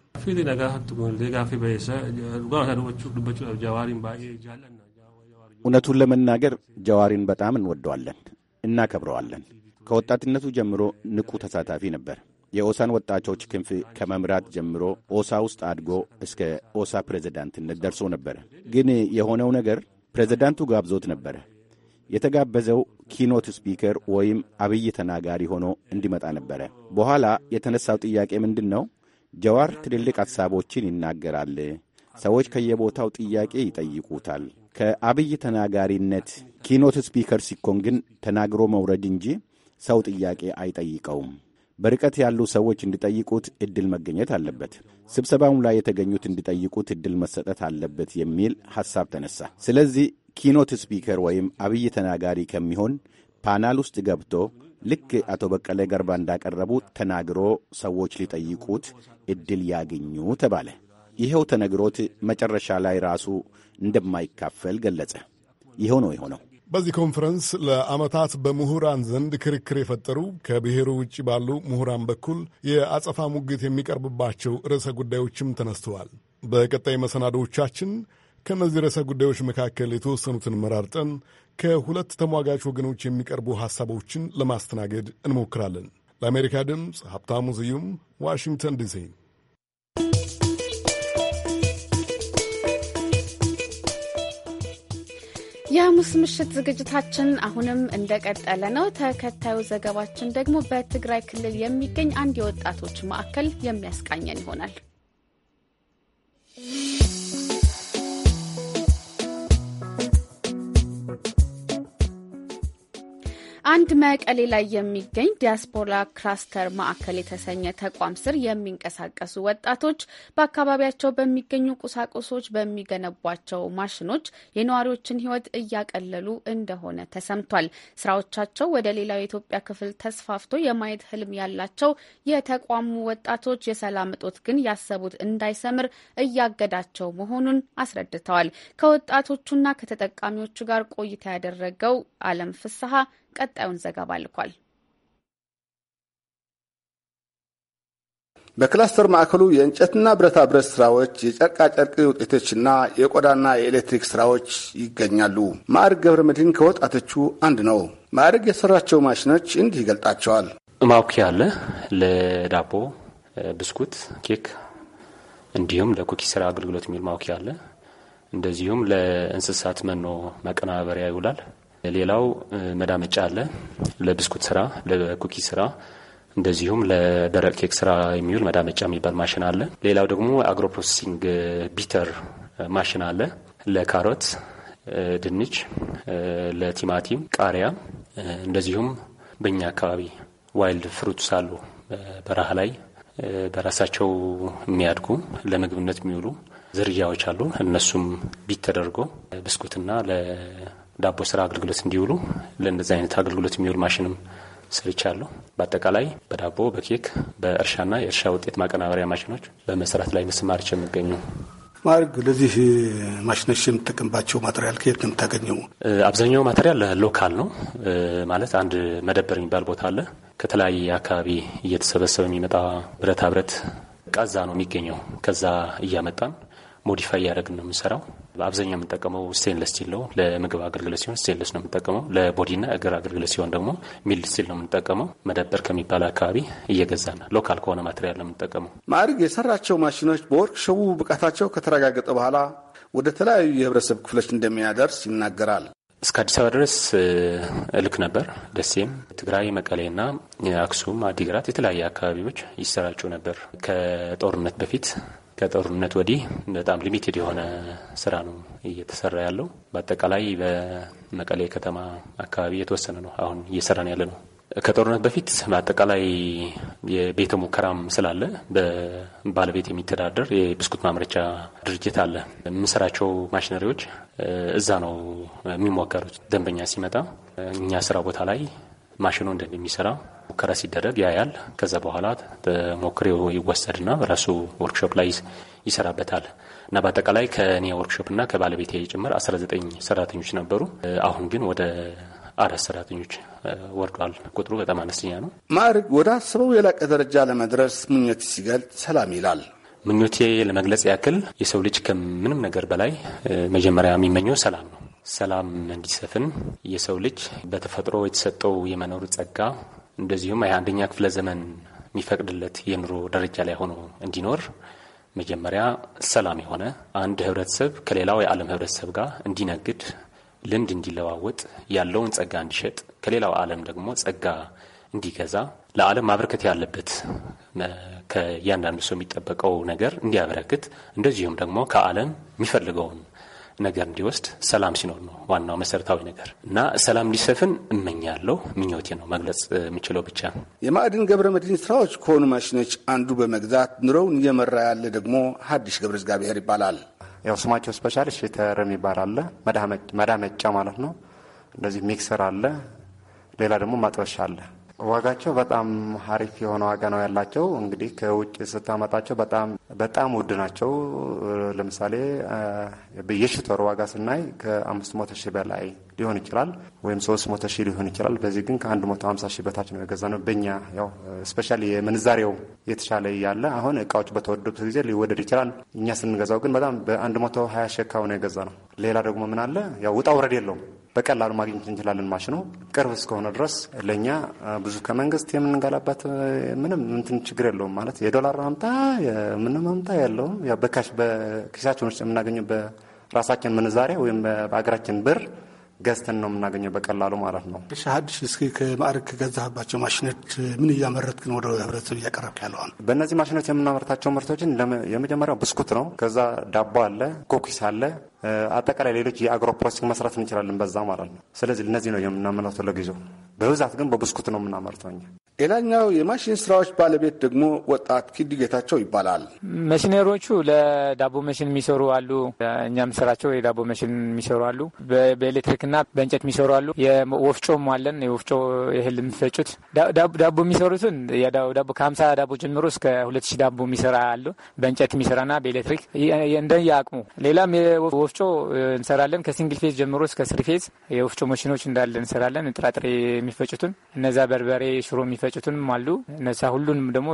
እውነቱን ለመናገር ጀዋሪን በጣም እንወደዋለን፣ እናከብረዋለን። ከወጣትነቱ ጀምሮ ንቁ ተሳታፊ ነበር። የኦሳን ወጣቶች ክንፍ ከመምራት ጀምሮ ኦሳ ውስጥ አድጎ እስከ ኦሳ ፕሬዝዳንትነት ደርሶ ነበረ። ግን የሆነው ነገር ፕሬዝዳንቱ ጋብዞት ነበረ የተጋበዘው ኪኖት ስፒከር ወይም አብይ ተናጋሪ ሆኖ እንዲመጣ ነበረ። በኋላ የተነሳው ጥያቄ ምንድን ነው? ጀዋር ትልልቅ ሐሳቦችን ይናገራል። ሰዎች ከየቦታው ጥያቄ ይጠይቁታል። ከአብይ ተናጋሪነት ኪኖት ስፒከር ሲኮን ግን ተናግሮ መውረድ እንጂ ሰው ጥያቄ አይጠይቀውም። በርቀት ያሉ ሰዎች እንዲጠይቁት ዕድል መገኘት አለበት። ስብሰባውም ላይ የተገኙት እንዲጠይቁት ዕድል መሰጠት አለበት የሚል ሐሳብ ተነሳ። ስለዚህ ኪኖት ስፒከር ወይም አብይ ተናጋሪ ከሚሆን ፓናል ውስጥ ገብቶ ልክ አቶ በቀለ ገርባ እንዳቀረቡ ተናግሮ ሰዎች ሊጠይቁት እድል ያገኙ ተባለ። ይኸው ተነግሮት መጨረሻ ላይ ራሱ እንደማይካፈል ገለጸ። ይኸው ነው የሆነው። በዚህ ኮንፈረንስ ለዓመታት በምሁራን ዘንድ ክርክር የፈጠሩ ከብሔሩ ውጭ ባሉ ምሁራን በኩል የአጸፋ ሙግት የሚቀርብባቸው ርዕሰ ጉዳዮችም ተነስተዋል። በቀጣይ መሰናዶዎቻችን ከእነዚህ ርዕሰ ጉዳዮች መካከል የተወሰኑትን መራርጠን ከሁለት ተሟጋች ወገኖች የሚቀርቡ ሐሳቦችን ለማስተናገድ እንሞክራለን። ለአሜሪካ ድምፅ ሀብታሙ ስዩም ዋሽንግተን ዲሲ። የሐሙስ ምሽት ዝግጅታችን አሁንም እንደቀጠለ ነው። ተከታዩ ዘገባችን ደግሞ በትግራይ ክልል የሚገኝ አንድ የወጣቶች ማዕከል የሚያስቃኘን ይሆናል። አንድ መቀሌ ላይ የሚገኝ ዲያስፖራ ክላስተር ማዕከል የተሰኘ ተቋም ስር የሚንቀሳቀሱ ወጣቶች በአካባቢያቸው በሚገኙ ቁሳቁሶች በሚገነቧቸው ማሽኖች የነዋሪዎችን ሕይወት እያቀለሉ እንደሆነ ተሰምቷል። ስራዎቻቸው ወደ ሌላው የኢትዮጵያ ክፍል ተስፋፍቶ የማየት ህልም ያላቸው የተቋሙ ወጣቶች የሰላም እጦት ግን ያሰቡት እንዳይሰምር እያገዳቸው መሆኑን አስረድተዋል። ከወጣቶቹና ከተጠቃሚዎቹ ጋር ቆይታ ያደረገው አለም ፍስሀ ቀጣዩን ዘገባ ልኳል። በክላስተር ማዕከሉ የእንጨትና ብረታ ብረት ስራዎች፣ የጨርቃጨርቅ ውጤቶችና የቆዳና የኤሌክትሪክ ስራዎች ይገኛሉ። ማዕርግ ገብረ መድህን ከወጣቶቹ አንድ ነው። ማዕርግ የሰራቸው ማሽኖች እንዲህ ይገልጣቸዋል። ማውኪያ አለ፣ ለዳቦ ብስኩት፣ ኬክ እንዲሁም ለኩኪ ስራ አገልግሎት የሚል ማውኪያ አለ። እንደዚሁም ለእንስሳት መኖ መቀናበሪያ ይውላል። ሌላው መዳመጫ አለ። ለብስኩት ስራ፣ ለኩኪ ስራ እንደዚሁም ለደረቅ ኬክ ስራ የሚውል መዳመጫ የሚባል ማሽን አለ። ሌላው ደግሞ አግሮ ፕሮሴሲንግ ቢተር ማሽን አለ። ለካሮት፣ ድንች፣ ለቲማቲም፣ ቃሪያ እንደዚሁም በእኛ አካባቢ ዋይልድ ፍሩትስ አሉ በረሃ ላይ በራሳቸው የሚያድጉ ለምግብነት የሚውሉ ዝርያዎች አሉ። እነሱም ቢት ተደርጎ ብስኩትና ዳቦ ስራ አገልግሎት እንዲውሉ ለእንደዚህ አይነት አገልግሎት የሚውል ማሽንም ስርቻለሁ። በአጠቃላይ በዳቦ በኬክ በእርሻና የእርሻ ውጤት ማቀናበሪያ ማሽኖች በመስራት ላይ ተሰማርቼ የሚገኙ ማርግ ለዚህ ማሽኖች የምጠቀምባቸው ማቴሪያል ከየት ነው የምታገኘው? አብዛኛው ማቴሪያል ሎካል ነው ማለት አንድ መደብር የሚባል ቦታ አለ። ከተለያየ አካባቢ እየተሰበሰበ የሚመጣ ብረታ ብረት ቀዛ ነው የሚገኘው። ከዛ እያመጣን ሞዲፋይ እያደረግን ነው የምንሰራው። በአብዛኛው የምንጠቀመው ስቴንለስ ስቲል ነው። ለምግብ አገልግሎት ሲሆን ስቴንለስ ነው የምንጠቀመው። ለቦዲና እግር አገልግሎት ሲሆን ደግሞ ሚል ስቲል ነው የምንጠቀመው። መደብር ከሚባል አካባቢ ነው። ሎካል ከሆነ ማቴሪያል ነው የምንጠቀመው። ማዕርግ የሰራቸው ማሽኖች በወርክሾቡ ብቃታቸው ከተረጋገጠ በኋላ ወደ ተለያዩ የህብረተሰብ ክፍሎች እንደሚያደርስ ይናገራል። እስከ አዲስ አበባ ድረስ ልክ ነበር። ደሴም፣ ትግራይ፣ መቀሌና አክሱም፣ አዲግራት የተለያየ አካባቢዎች ይሰራጩ ነበር። ከጦርነት በፊት ከጦርነት ወዲህ በጣም ሊሚትድ የሆነ ስራ ነው እየተሰራ ያለው። በአጠቃላይ በመቀሌ ከተማ አካባቢ የተወሰነ ነው አሁን እየሰራ ያለ ነው። ከጦርነት በፊት በአጠቃላይ የቤተ ሙከራም ስላለ በባለቤት የሚተዳደር የብስኩት ማምረቻ ድርጅት አለ። የምንሰራቸው ማሽነሪዎች እዛ ነው የሚሞከሩት። ደንበኛ ሲመጣ እኛ ስራ ቦታ ላይ ማሽኑ እንደሚሰራ ሙከራ ሲደረግ ያያል። ከዛ በኋላ በሞክሬው ይወሰድና ራሱ ወርክሾፕ ላይ ይሰራበታል እና በአጠቃላይ ከኔ ወርክሾፕና ከባለቤቴ ጭምር 19 ሰራተኞች ነበሩ። አሁን ግን ወደ አራት ሰራተኞች ወርዷል። ቁጥሩ በጣም አነስተኛ ነው። ማዕርግ ወደ አስበው የላቀ ደረጃ ለመድረስ ምኞት ሲገልጽ ሰላም ይላል። ምኞቴ ለመግለጽ ያክል የሰው ልጅ ከምንም ነገር በላይ መጀመሪያ የሚመኘው ሰላም ነው። ሰላም እንዲሰፍን የሰው ልጅ በተፈጥሮ የተሰጠው የመኖር ጸጋ እንደዚሁም የአንደኛ ክፍለ ዘመን የሚፈቅድለት የኑሮ ደረጃ ላይ ሆኖ እንዲኖር መጀመሪያ ሰላም የሆነ አንድ ህብረተሰብ ከሌላው የዓለም ህብረተሰብ ጋር እንዲነግድ ልምድ እንዲለዋወጥ ያለውን ጸጋ እንዲሸጥ ከሌላው ዓለም ደግሞ ጸጋ እንዲገዛ ለዓለም ማበረከት ያለበት ከእያንዳንዱ ሰው የሚጠበቀው ነገር እንዲያበረክት እንደዚሁም ደግሞ ከዓለም የሚፈልገውን ነገር እንዲወስድ ሰላም ሲኖር ነው ዋናው መሰረታዊ ነገር እና ሰላም እንዲሰፍን እመኛለሁ። ምኞቴ ነው መግለጽ የምችለው ብቻ። የማዕድን ገብረ መድህን ስራዎች ከሆኑ ማሽኖች አንዱ በመግዛት ኑሮውን እየመራ ያለ ደግሞ ሀዲሽ ገብረ እግዚአብሔር ይባላል። ያው ስማቸው ሽተር የሚባል አለ፣ መዳመጫ ማለት ነው። እንደዚህ ሚክሰር አለ፣ ሌላ ደግሞ ማጥበሻ አለ። ዋጋቸው በጣም ሀሪፍ የሆነ ዋጋ ነው ያላቸው። እንግዲህ ከውጭ ስታመጣቸው በጣም በጣም ውድ ናቸው። ለምሳሌ የሽቶር ዋጋ ስናይ ከአምስት መቶ ሺህ በላይ ሊሆን ይችላል፣ ወይም ሶስት መቶ ሺህ ሊሆን ይችላል። በዚህ ግን ከአንድ መቶ ሀምሳ ሺህ በታች ነው የገዛ ነው። በኛ ያው ስፔሻሊ የምንዛሬው የተሻለ እያለ አሁን እቃዎች በተወደዱበት ጊዜ ሊወደድ ይችላል። እኛ ስንገዛው ግን በጣም በአንድ መቶ ሀያ ሺህ ነው የገዛ ነው። ሌላ ደግሞ ምን አለ ያው ውጣ ውረድ የለውም በቀላሉ ማግኘት እንችላለን። ማሽኑ ቅርብ እስከሆነ ድረስ ለእኛ ብዙ ከመንግስት የምንጋላባት ምንም እንትን ችግር የለውም ማለት የዶላር ማምጣ አምጣ ማምጣ ያለውም በካሽ በኪሳችን ውስጥ የምናገኘው በራሳችን ምንዛሬ ወይም በሀገራችን ብር ገዝተን ነው የምናገኘው በቀላሉ ማለት ነው። እሺ ሀዲሽ እስኪ ከማዕረግ ከገዛህባቸው ማሽኖች ምን እያመረት ግን ወደ ህብረተሰብ እያቀረብክ ያለዋል? በእነዚህ ማሽኖች የምናመርታቸው ምርቶችን የመጀመሪያው ብስኩት ነው። ከዛ ዳቦ አለ፣ ኮኪስ አለ አጠቃላይ ሌሎች የአግሮ ፕሮሴሲንግ መስራት እንችላለን በዛ ማለት ነው። ስለዚህ እነዚህ ነው የምናመርተው ለጊዜው። በብዛት ግን በብስኩት ነው የምናመርተው እኛ። ሌላኛው የማሽን ስራዎች ባለቤት ደግሞ ወጣት ኪድ ጌታቸው ይባላል። መሽነሮቹ ለዳቦ መሽን የሚሰሩ አሉ። እኛም ስራቸው የዳቦ መሽን የሚሰሩ አሉ። በኤሌክትሪክና በእንጨት የሚሰሩ አሉ። የወፍጮም አለን። የወፍጮ እህል የምፈጩት ዳቦ የሚሰሩትን ዳቦ ከሀምሳ ዳቦ ጀምሮ እስከ ሁለት ሺህ ዳቦ የሚሰራ አሉ። በእንጨት የሚሰራና በኤሌክትሪክ እንደየ አቅሙ ሌላም ወፍጮ እንሰራለን። ከሲንግል ፌዝ ጀምሮ እስከ ስሪ ፌዝ የወፍጮ መሽኖች እንዳለ እንሰራለን። ጥራጥሬ የሚፈጩትን እነዛ፣ በርበሬ፣ ሽሮ የሚፈጩትንም አሉ። እነዛ ሁሉንም ደግሞ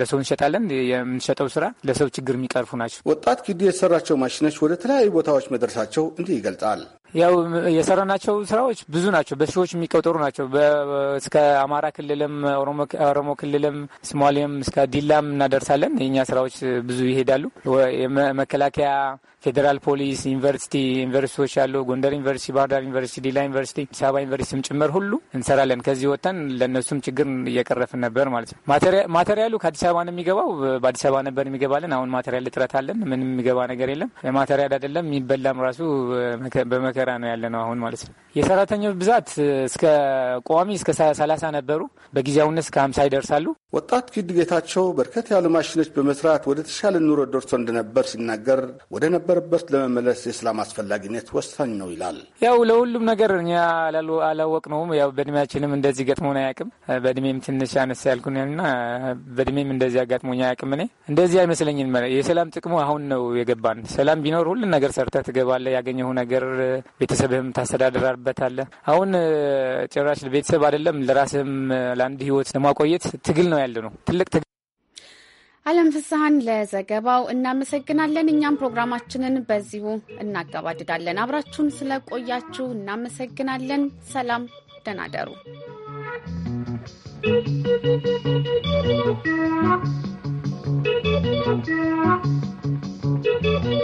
ለሰው እንሸጣለን። የምንሸጠው ስራ ለሰው ችግር የሚቀርፉ ናቸው። ወጣት ጊዱ የተሰራቸው ማሽኖች ወደ ተለያዩ ቦታዎች መድረሳቸው እንዲህ ይገልጻል። ያው የሰራናቸው ስራዎች ብዙ ናቸው። በሺዎች የሚቆጠሩ ናቸው። እስከ አማራ ክልልም ኦሮሞ ክልልም ሶማሌም እስከ ዲላም እናደርሳለን። የእኛ ስራዎች ብዙ ይሄዳሉ። መከላከያ፣ ፌዴራል ፖሊስ፣ ዩኒቨርሲቲ ዩኒቨርሲቲዎች ያለው ጎንደር ዩኒቨርሲቲ፣ ባህርዳር ዩኒቨርሲቲ፣ ዲላ ዩኒቨርሲቲ፣ አዲስ አበባ ዩኒቨርሲቲም ጭምር ሁሉ እንሰራለን። ከዚህ ወጥተን ለእነሱም ችግር እየቀረፍን ነበር ማለት ነው። ማቴሪያሉ ከአዲስ አበባ ነው የሚገባው። በአዲስ አበባ ነበር የሚገባለን። አሁን ማቴሪያል እጥረት አለን። ምንም የሚገባ ነገር የለም። ማቴሪያል አይደለም የሚበላም ራሱ በመከራ ነው ያለ ነው አሁን ማለት ነው። የሰራተኞች ብዛት እስከ ቋሚ እስከ ሰላሳ ነበሩ። በጊዜያዊነት እስከ ሀምሳ ይደርሳሉ። ወጣት ግድ ጌታቸው በርከት ያሉ ማሽኖች በመስራት ወደ ተሻለ ኑሮ ደርሶ እንደነበር ሲናገር ወደ ነበረበት ለመመለስ ድረስ የሰላም አስፈላጊነት ወሳኝ ነው ይላል። ያው ለሁሉም ነገር እኛ አላወቅነውም። ያው በእድሜያችንም እንደዚህ ገጥሞን አያውቅም። በእድሜም ትንሽ አነሳ ያልኩና በእድሜም እንደዚህ አጋጥሞኝ አያውቅም። እኔ እንደዚህ አይመስለኝም። የሰላም ጥቅሙ አሁን ነው የገባን። ሰላም ቢኖር ሁሉን ነገር ሰርተህ ትገባለህ፣ ያገኘሁ ነገር ቤተሰብህም ታስተዳድራበታለህ። አሁን ጭራሽ ቤተሰብ አይደለም ለራስህም ለአንድ ህይወት ለማቆየት ትግል ነው ያለ ነው ትልቅ አለም ፍስሐን ለዘገባው እናመሰግናለን። እኛም ፕሮግራማችንን በዚሁ እናገባድዳለን። አብራችሁን ስለቆያችሁ እናመሰግናለን። ሰላም፣ ደህና ደሩ።